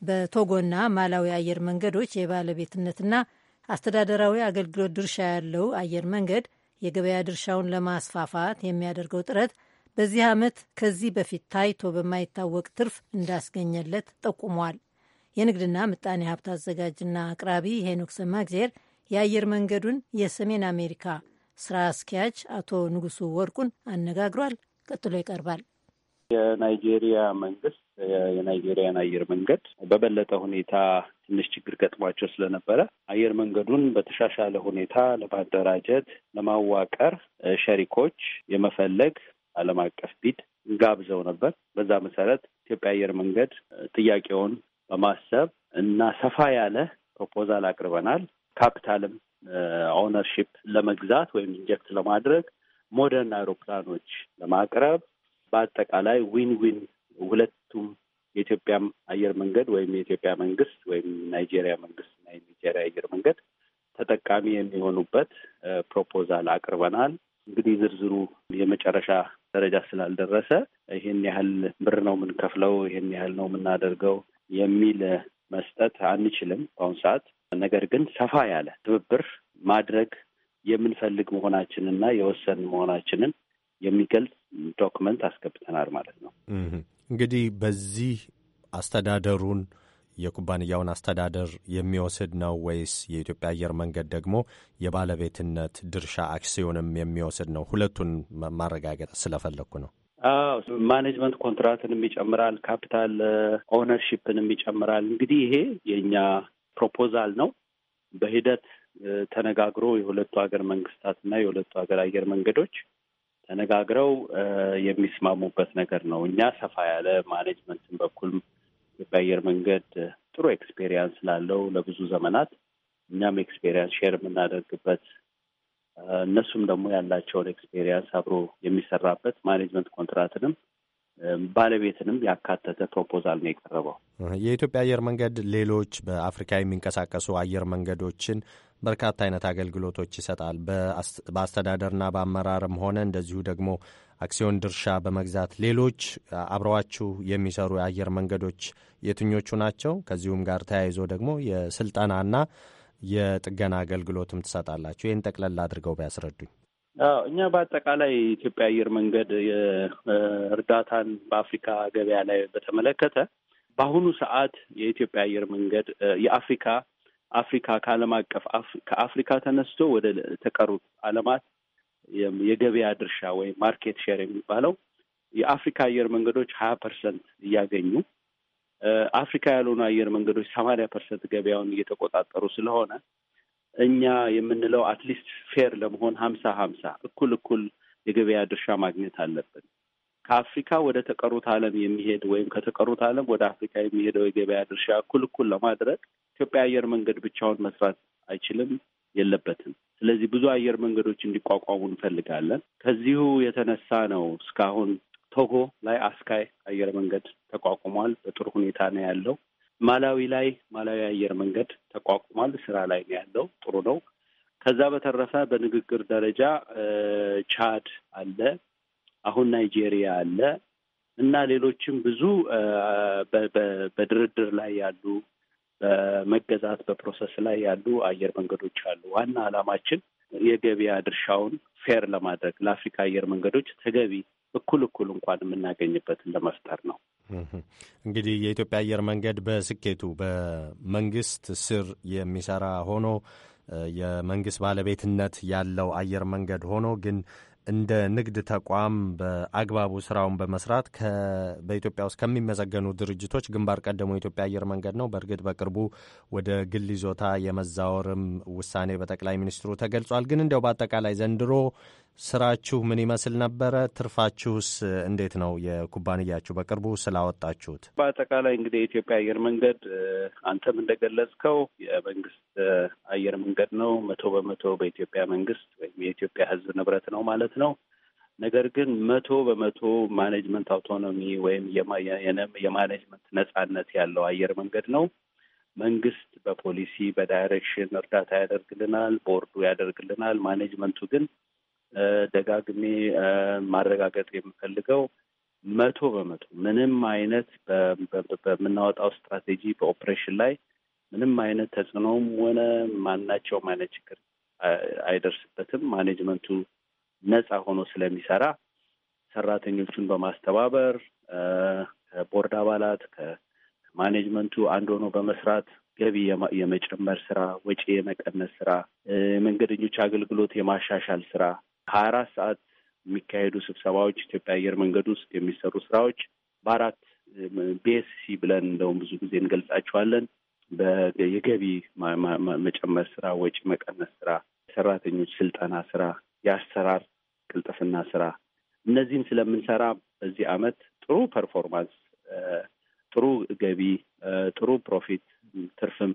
በቶጎና ማላዊ አየር መንገዶች የባለቤትነትና አስተዳደራዊ አገልግሎት ድርሻ ያለው አየር መንገድ የገበያ ድርሻውን ለማስፋፋት የሚያደርገው ጥረት በዚህ ዓመት ከዚህ በፊት ታይቶ በማይታወቅ ትርፍ እንዳስገኘለት ጠቁሟል። የንግድና ምጣኔ ሀብት አዘጋጅና አቅራቢ ሄኖክ ሰማግዜር የአየር መንገዱን የሰሜን አሜሪካ ስራ አስኪያጅ አቶ ንጉሱ ወርቁን አነጋግሯል። ቀጥሎ ይቀርባል። የናይጄሪያ መንግስት የናይጄሪያን አየር መንገድ በበለጠ ሁኔታ ትንሽ ችግር ገጥሟቸው ስለነበረ አየር መንገዱን በተሻሻለ ሁኔታ ለማደራጀት፣ ለማዋቀር ሸሪኮች የመፈለግ ዓለም አቀፍ ቢድ ጋብዘው ነበር። በዛ መሰረት ኢትዮጵያ አየር መንገድ ጥያቄውን በማሰብ እና ሰፋ ያለ ፕሮፖዛል አቅርበናል። ካፒታልም ኦነርሺፕ ለመግዛት ወይም ኢንጀክት ለማድረግ ሞደርን አውሮፕላኖች ለማቅረብ በአጠቃላይ ዊን ዊን ሁለቱም የኢትዮጵያም አየር መንገድ ወይም የኢትዮጵያ መንግስት ወይም ናይጄሪያ መንግስት እና የናይጄሪያ አየር መንገድ ተጠቃሚ የሚሆኑበት ፕሮፖዛል አቅርበናል። እንግዲህ ዝርዝሩ የመጨረሻ ደረጃ ስላልደረሰ ይህን ያህል ብር ነው የምንከፍለው፣ ይህን ያህል ነው የምናደርገው የሚል መስጠት አንችልም በአሁኑ ሰዓት። ነገር ግን ሰፋ ያለ ትብብር ማድረግ የምንፈልግ መሆናችንና የወሰን መሆናችንን የሚገልጽ ዶክመንት አስገብተናል ማለት ነው። እንግዲህ በዚህ አስተዳደሩን የኩባንያውን አስተዳደር የሚወስድ ነው ወይስ የኢትዮጵያ አየር መንገድ ደግሞ የባለቤትነት ድርሻ አክሲዮንም የሚወስድ ነው? ሁለቱን ማረጋገጥ ስለፈለግኩ ነው። አዎ ማኔጅመንት ኮንትራትንም ይጨምራል፣ ካፒታል ኦውነርሺፕንም ይጨምራል። እንግዲህ ይሄ የእኛ ፕሮፖዛል ነው። በሂደት ተነጋግሮ የሁለቱ ሀገር መንግስታትና የሁለቱ ሀገር አየር መንገዶች ተነጋግረው የሚስማሙበት ነገር ነው። እኛ ሰፋ ያለ ማኔጅመንትን በኩል አየር መንገድ ጥሩ ኤክስፔሪየንስ ላለው ለብዙ ዘመናት እኛም ኤክስፔሪየንስ ሼር የምናደርግበት እነሱም ደግሞ ያላቸውን ኤክስፔሪየንስ አብሮ የሚሰራበት ማኔጅመንት ኮንትራትንም ባለቤትንም ያካተተ ፕሮፖዛል ነው የቀረበው። የኢትዮጵያ አየር መንገድ ሌሎች በአፍሪካ የሚንቀሳቀሱ አየር መንገዶችን በርካታ አይነት አገልግሎቶች ይሰጣል። በአስተዳደርና በአመራርም ሆነ እንደዚሁ ደግሞ አክሲዮን ድርሻ በመግዛት ሌሎች አብረዋችሁ የሚሰሩ የአየር መንገዶች የትኞቹ ናቸው? ከዚሁም ጋር ተያይዞ ደግሞ የስልጠናና የጥገና አገልግሎትም ትሰጣላችሁ። ይህን ጠቅለል አድርገው ቢያስረዱኝ። እኛ በአጠቃላይ ኢትዮጵያ አየር መንገድ እርዳታን በአፍሪካ ገበያ ላይ በተመለከተ በአሁኑ ሰዓት የኢትዮጵያ አየር መንገድ የአፍሪካ አፍሪካ ከዓለም አቀፍ ከአፍሪካ ተነስቶ ወደ ተቀሩት ዓለማት የገበያ ድርሻ ወይም ማርኬት ሼር የሚባለው የአፍሪካ አየር መንገዶች ሀያ ፐርሰንት እያገኙ አፍሪካ ያልሆኑ አየር መንገዶች ሰማንያ ፐርሰንት ገበያውን እየተቆጣጠሩ ስለሆነ እኛ የምንለው አትሊስት ፌር ለመሆን ሀምሳ ሀምሳ እኩል እኩል የገበያ ድርሻ ማግኘት አለብን። ከአፍሪካ ወደ ተቀሩት ዓለም የሚሄድ ወይም ከተቀሩት ዓለም ወደ አፍሪካ የሚሄደው የገበያ ድርሻ እኩል እኩል ለማድረግ ኢትዮጵያ አየር መንገድ ብቻውን መስራት አይችልም፣ የለበትም። ስለዚህ ብዙ አየር መንገዶች እንዲቋቋሙ እንፈልጋለን። ከዚሁ የተነሳ ነው እስካሁን ቶጎ ላይ አስካይ አየር መንገድ ተቋቁሟል። በጥሩ ሁኔታ ነው ያለው። ማላዊ ላይ ማላዊ አየር መንገድ ተቋቁሟል። ስራ ላይ ነው ያለው። ጥሩ ነው። ከዛ በተረፈ በንግግር ደረጃ ቻድ አለ፣ አሁን ናይጄሪያ አለ እና ሌሎችም ብዙ በድርድር ላይ ያሉ በመገዛት በፕሮሰስ ላይ ያሉ አየር መንገዶች አሉ። ዋና ዓላማችን የገበያ ድርሻውን ፌር ለማድረግ ለአፍሪካ አየር መንገዶች ተገቢ እኩል እኩል እንኳን የምናገኝበትን ለመፍጠር ነው። እንግዲህ የኢትዮጵያ አየር መንገድ በስኬቱ በመንግስት ስር የሚሰራ ሆኖ የመንግስት ባለቤትነት ያለው አየር መንገድ ሆኖ ግን እንደ ንግድ ተቋም በአግባቡ ስራውን በመስራት በኢትዮጵያ ውስጥ ከሚመሰገኑ ድርጅቶች ግንባር ቀደሙ የኢትዮጵያ አየር መንገድ ነው። በእርግጥ በቅርቡ ወደ ግል ይዞታ የመዛወርም ውሳኔ በጠቅላይ ሚኒስትሩ ተገልጿል። ግን እንዲያው በአጠቃላይ ዘንድሮ ስራችሁ ምን ይመስል ነበረ? ትርፋችሁስ እንዴት ነው? የኩባንያችሁ በቅርቡ ስላወጣችሁት። በአጠቃላይ እንግዲህ የኢትዮጵያ አየር መንገድ አንተም እንደገለጽከው የመንግስት አየር መንገድ ነው። መቶ በመቶ በኢትዮጵያ መንግስት ወይም የኢትዮጵያ ሕዝብ ንብረት ነው ማለት ነው። ነገር ግን መቶ በመቶ ማኔጅመንት አውቶኖሚ ወይም የማኔጅመንት ነጻነት ያለው አየር መንገድ ነው። መንግስት በፖሊሲ በዳይሬክሽን እርዳታ ያደርግልናል፣ ቦርዱ ያደርግልናል። ማኔጅመንቱ ግን ደጋግሜ ማረጋገጥ የምፈልገው መቶ በመቶ ምንም አይነት በምናወጣው ስትራቴጂ በኦፕሬሽን ላይ ምንም አይነት ተጽዕኖም ሆነ ማናቸውም አይነት ችግር አይደርስበትም። ማኔጅመንቱ ነፃ ሆኖ ስለሚሰራ ሰራተኞቹን በማስተባበር ከቦርድ አባላት ከማኔጅመንቱ አንድ ሆኖ በመስራት ገቢ የመጨመር ስራ፣ ወጪ የመቀነስ ስራ፣ የመንገደኞች አገልግሎት የማሻሻል ስራ ሀያ አራት ሰዓት የሚካሄዱ ስብሰባዎች፣ ኢትዮጵያ አየር መንገድ ውስጥ የሚሰሩ ስራዎች በአራት ቢኤስሲ ብለን እንደውም ብዙ ጊዜ እንገልጻቸዋለን። የገቢ መጨመር ስራ፣ ወጪ መቀነስ ስራ፣ ሰራተኞች ስልጠና ስራ፣ የአሰራር ቅልጥፍና ስራ እነዚህን ስለምንሰራ በዚህ አመት ጥሩ ፐርፎርማንስ፣ ጥሩ ገቢ፣ ጥሩ ፕሮፊት ትርፍም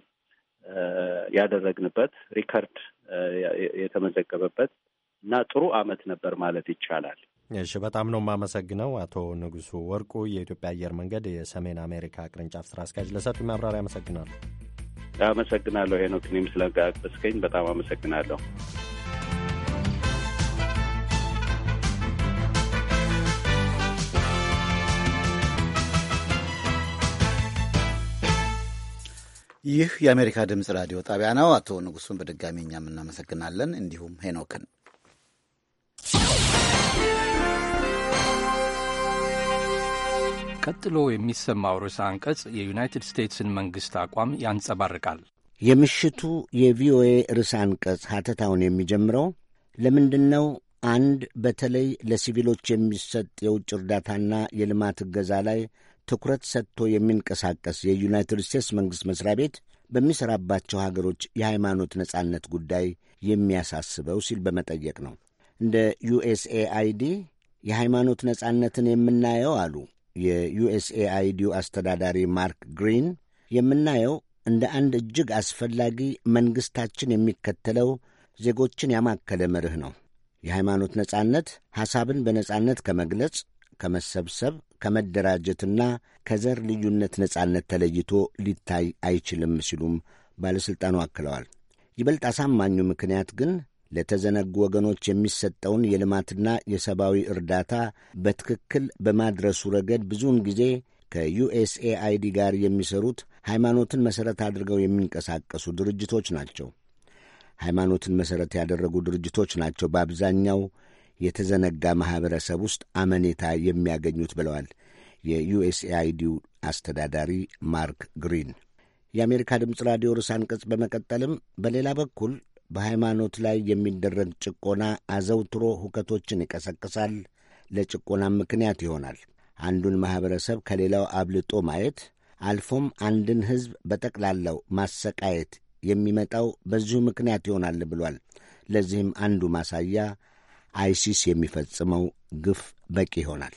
ያደረግንበት ሪከርድ የተመዘገበበት እና ጥሩ አመት ነበር ማለት ይቻላል። እሺ፣ በጣም ነው የማመሰግነው አቶ ንጉሱ ወርቁ የኢትዮጵያ አየር መንገድ የሰሜን አሜሪካ ቅርንጫፍ ስራ አስኪያጅ ለሰጡኝ ማብራሪያ አመሰግናለሁ። አመሰግናለሁ ሄኖክ፣ እኔም ስለጋበዝከኝ በጣም አመሰግናለሁ። ይህ የአሜሪካ ድምፅ ራዲዮ ጣቢያ ነው። አቶ ንጉሱን በድጋሚ እኛም እናመሰግናለን፣ እንዲሁም ሄኖክን። ቀጥሎ የሚሰማው ርዕሰ አንቀጽ የዩናይትድ ስቴትስን መንግሥት አቋም ያንጸባርቃል። የምሽቱ የቪኦኤ ርዕሰ አንቀጽ ሐተታውን የሚጀምረው ለምንድን ነው አንድ በተለይ ለሲቪሎች የሚሰጥ የውጭ እርዳታና የልማት እገዛ ላይ ትኩረት ሰጥቶ የሚንቀሳቀስ የዩናይትድ ስቴትስ መንግሥት መሥሪያ ቤት በሚሠራባቸው ሀገሮች የሃይማኖት ነጻነት ጉዳይ የሚያሳስበው ሲል በመጠየቅ ነው። እንደ ዩኤስኤአይዲ የሃይማኖት ነጻነትን የምናየው አሉ የዩኤስኤአይዲው አስተዳዳሪ ማርክ ግሪን የምናየው እንደ አንድ እጅግ አስፈላጊ መንግሥታችን የሚከተለው ዜጎችን ያማከለ መርህ ነው። የሃይማኖት ነጻነት ሐሳብን በነጻነት ከመግለጽ፣ ከመሰብሰብ፣ ከመደራጀትና ከዘር ልዩነት ነጻነት ተለይቶ ሊታይ አይችልም ሲሉም ባለሥልጣኑ አክለዋል። ይበልጥ አሳማኙ ምክንያት ግን ለተዘነጉ ወገኖች የሚሰጠውን የልማትና የሰብአዊ እርዳታ በትክክል በማድረሱ ረገድ ብዙውን ጊዜ ከዩኤስኤአይዲ ጋር የሚሰሩት ሃይማኖትን መሠረት አድርገው የሚንቀሳቀሱ ድርጅቶች ናቸው። ሃይማኖትን መሠረት ያደረጉ ድርጅቶች ናቸው በአብዛኛው የተዘነጋ ማኅበረሰብ ውስጥ አመኔታ የሚያገኙት ብለዋል የዩኤስኤአይዲው አስተዳዳሪ ማርክ ግሪን። የአሜሪካ ድምፅ ራዲዮ ርዕሰ አንቀጽ በመቀጠልም በሌላ በኩል በሃይማኖት ላይ የሚደረግ ጭቆና አዘውትሮ ሁከቶችን ይቀሰቅሳል፣ ለጭቆናም ምክንያት ይሆናል። አንዱን ማኅበረሰብ ከሌላው አብልጦ ማየት አልፎም አንድን ሕዝብ በጠቅላላው ማሰቃየት የሚመጣው በዚሁ ምክንያት ይሆናል ብሏል። ለዚህም አንዱ ማሳያ አይሲስ የሚፈጽመው ግፍ በቂ ይሆናል።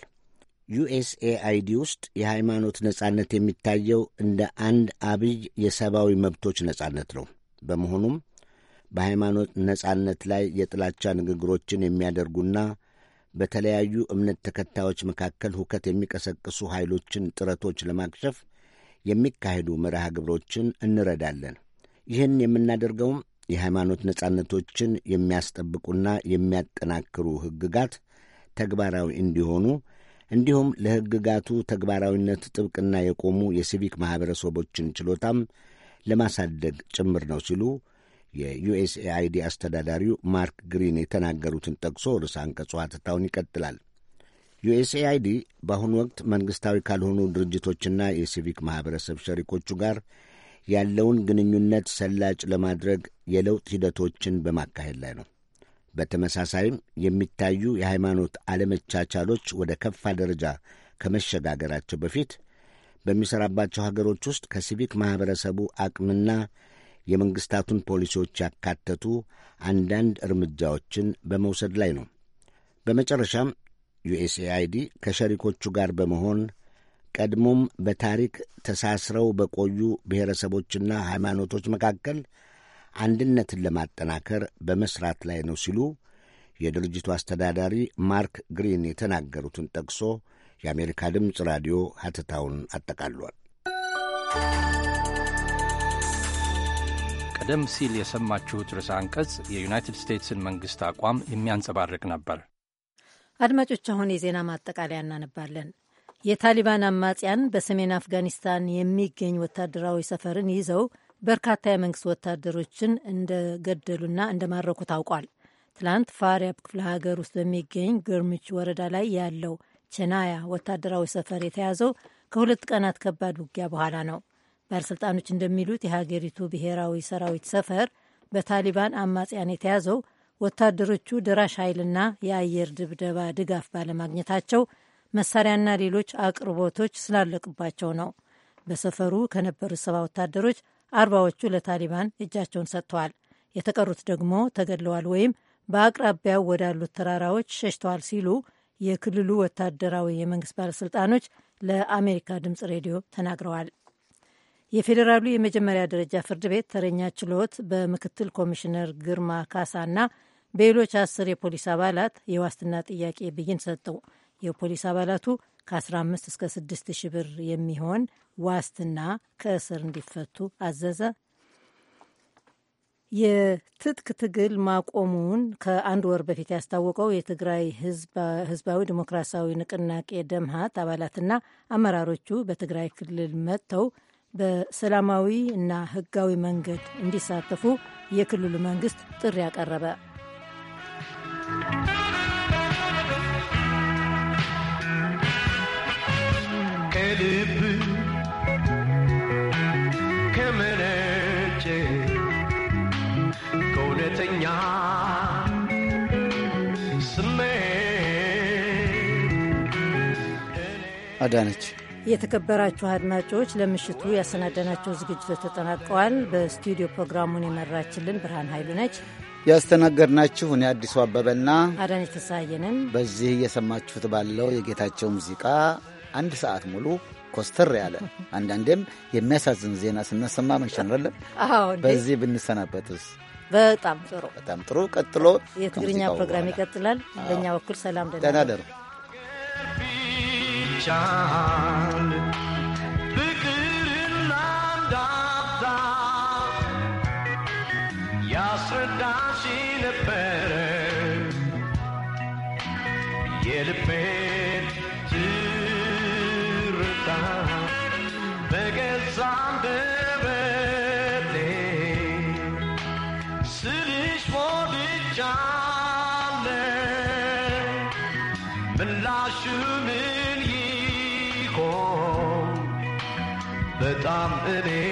ዩኤስኤአይዲ ውስጥ የሃይማኖት ነጻነት የሚታየው እንደ አንድ አብይ የሰብአዊ መብቶች ነጻነት ነው። በመሆኑም በሃይማኖት ነጻነት ላይ የጥላቻ ንግግሮችን የሚያደርጉና በተለያዩ እምነት ተከታዮች መካከል ሁከት የሚቀሰቅሱ ኃይሎችን ጥረቶች ለማክሸፍ የሚካሄዱ መርሃ ግብሮችን እንረዳለን። ይህን የምናደርገውም የሃይማኖት ነጻነቶችን የሚያስጠብቁና የሚያጠናክሩ ሕግጋት ተግባራዊ እንዲሆኑ እንዲሁም ለሕግጋቱ ተግባራዊነት ጥብቅና የቆሙ የሲቪክ ማኅበረሰቦችን ችሎታም ለማሳደግ ጭምር ነው ሲሉ የዩኤስኤአይዲ አስተዳዳሪው ማርክ ግሪን የተናገሩትን ጠቅሶ ርዕሰ አንቀጹ ሐተታውን ይቀጥላል። ዩኤስኤአይዲ በአሁኑ ወቅት መንግሥታዊ ካልሆኑ ድርጅቶችና የሲቪክ ማኅበረሰብ ሸሪኮቹ ጋር ያለውን ግንኙነት ሰላጭ ለማድረግ የለውጥ ሂደቶችን በማካሄድ ላይ ነው። በተመሳሳይም የሚታዩ የሃይማኖት አለመቻቻሎች ወደ ከፋ ደረጃ ከመሸጋገራቸው በፊት በሚሠራባቸው ሀገሮች ውስጥ ከሲቪክ ማኅበረሰቡ አቅምና የመንግሥታቱን ፖሊሲዎች ያካተቱ አንዳንድ እርምጃዎችን በመውሰድ ላይ ነው። በመጨረሻም ዩኤስኤአይዲ ከሸሪኮቹ ጋር በመሆን ቀድሞም በታሪክ ተሳስረው በቆዩ ብሔረሰቦችና ሃይማኖቶች መካከል አንድነትን ለማጠናከር በመሥራት ላይ ነው ሲሉ የድርጅቱ አስተዳዳሪ ማርክ ግሪን የተናገሩትን ጠቅሶ የአሜሪካ ድምፅ ራዲዮ ሐተታውን አጠቃሏል። ቀደም ሲል የሰማችሁት ርዕሰ አንቀጽ የዩናይትድ ስቴትስን መንግሥት አቋም የሚያንጸባርቅ ነበር። አድማጮች፣ አሁን የዜና ማጠቃለያ እናነባለን። የታሊባን አማጽያን በሰሜን አፍጋኒስታን የሚገኝ ወታደራዊ ሰፈርን ይዘው በርካታ የመንግስት ወታደሮችን እንደገደሉና እንደማረኩ ታውቋል። ትላንት ፋሪያብ ክፍለ ሀገር ውስጥ በሚገኝ ግርምች ወረዳ ላይ ያለው ቸናያ ወታደራዊ ሰፈር የተያዘው ከሁለት ቀናት ከባድ ውጊያ በኋላ ነው። ባለሥልጣኖች እንደሚሉት የሀገሪቱ ብሔራዊ ሰራዊት ሰፈር በታሊባን አማጽያን የተያዘው ወታደሮቹ ደራሽ ኃይልና የአየር ድብደባ ድጋፍ ባለማግኘታቸው መሳሪያና ሌሎች አቅርቦቶች ስላለቅባቸው ነው። በሰፈሩ ከነበሩት ሰባ ወታደሮች አርባዎቹ ለታሊባን እጃቸውን ሰጥተዋል። የተቀሩት ደግሞ ተገድለዋል ወይም በአቅራቢያው ወዳሉት ተራራዎች ሸሽተዋል ሲሉ የክልሉ ወታደራዊ የመንግስት ባለሥልጣኖች ለአሜሪካ ድምፅ ሬዲዮ ተናግረዋል። የፌዴራሉ የመጀመሪያ ደረጃ ፍርድ ቤት ተረኛ ችሎት በምክትል ኮሚሽነር ግርማ ካሳና በሌሎች አስር የፖሊስ አባላት የዋስትና ጥያቄ ብይን ሰጠው። የፖሊስ አባላቱ ከ15 እስከ 6 ሺህ ብር የሚሆን ዋስትና ከእስር እንዲፈቱ አዘዘ። የትጥቅ ትግል ማቆሙን ከአንድ ወር በፊት ያስታወቀው የትግራይ ህዝባዊ ዲሞክራሲያዊ ንቅናቄ ደምሃት አባላትና አመራሮቹ በትግራይ ክልል መጥተው በሰላማዊ እና ሕጋዊ መንገድ እንዲሳተፉ የክልሉ መንግስት ጥሪ አቀረበ። ከልብ ከመነጨ ከእውነተኛ ስሜ አዳነች የተከበራችሁ አድማጮች ለምሽቱ ያሰናዳናቸው ዝግጅቶች ተጠናቀዋል። በስቱዲዮ ፕሮግራሙን የመራችልን ብርሃን ኃይሉ ነች። ያስተናገድናችሁ እኔ አዲሱ አበበና አዳነች ተሳየንን። በዚህ እየሰማችሁት ባለው የጌታቸው ሙዚቃ አንድ ሰዓት ሙሉ ኮስተር ያለ *laughs* አንዳንዴም የሚያሳዝን ዜና ስናሰማ መንሸንረለን። በዚህ ብንሰናበትስ? በጣም ጥሩ በጣም ጥሩ። ቀጥሎ የትግርኛ ፕሮግራም ይቀጥላል። በእኛ በኩል ሰላም ደህና ደሩ። perişan Fikrinden daptar Ya sırdaşını pere Yelip dominate.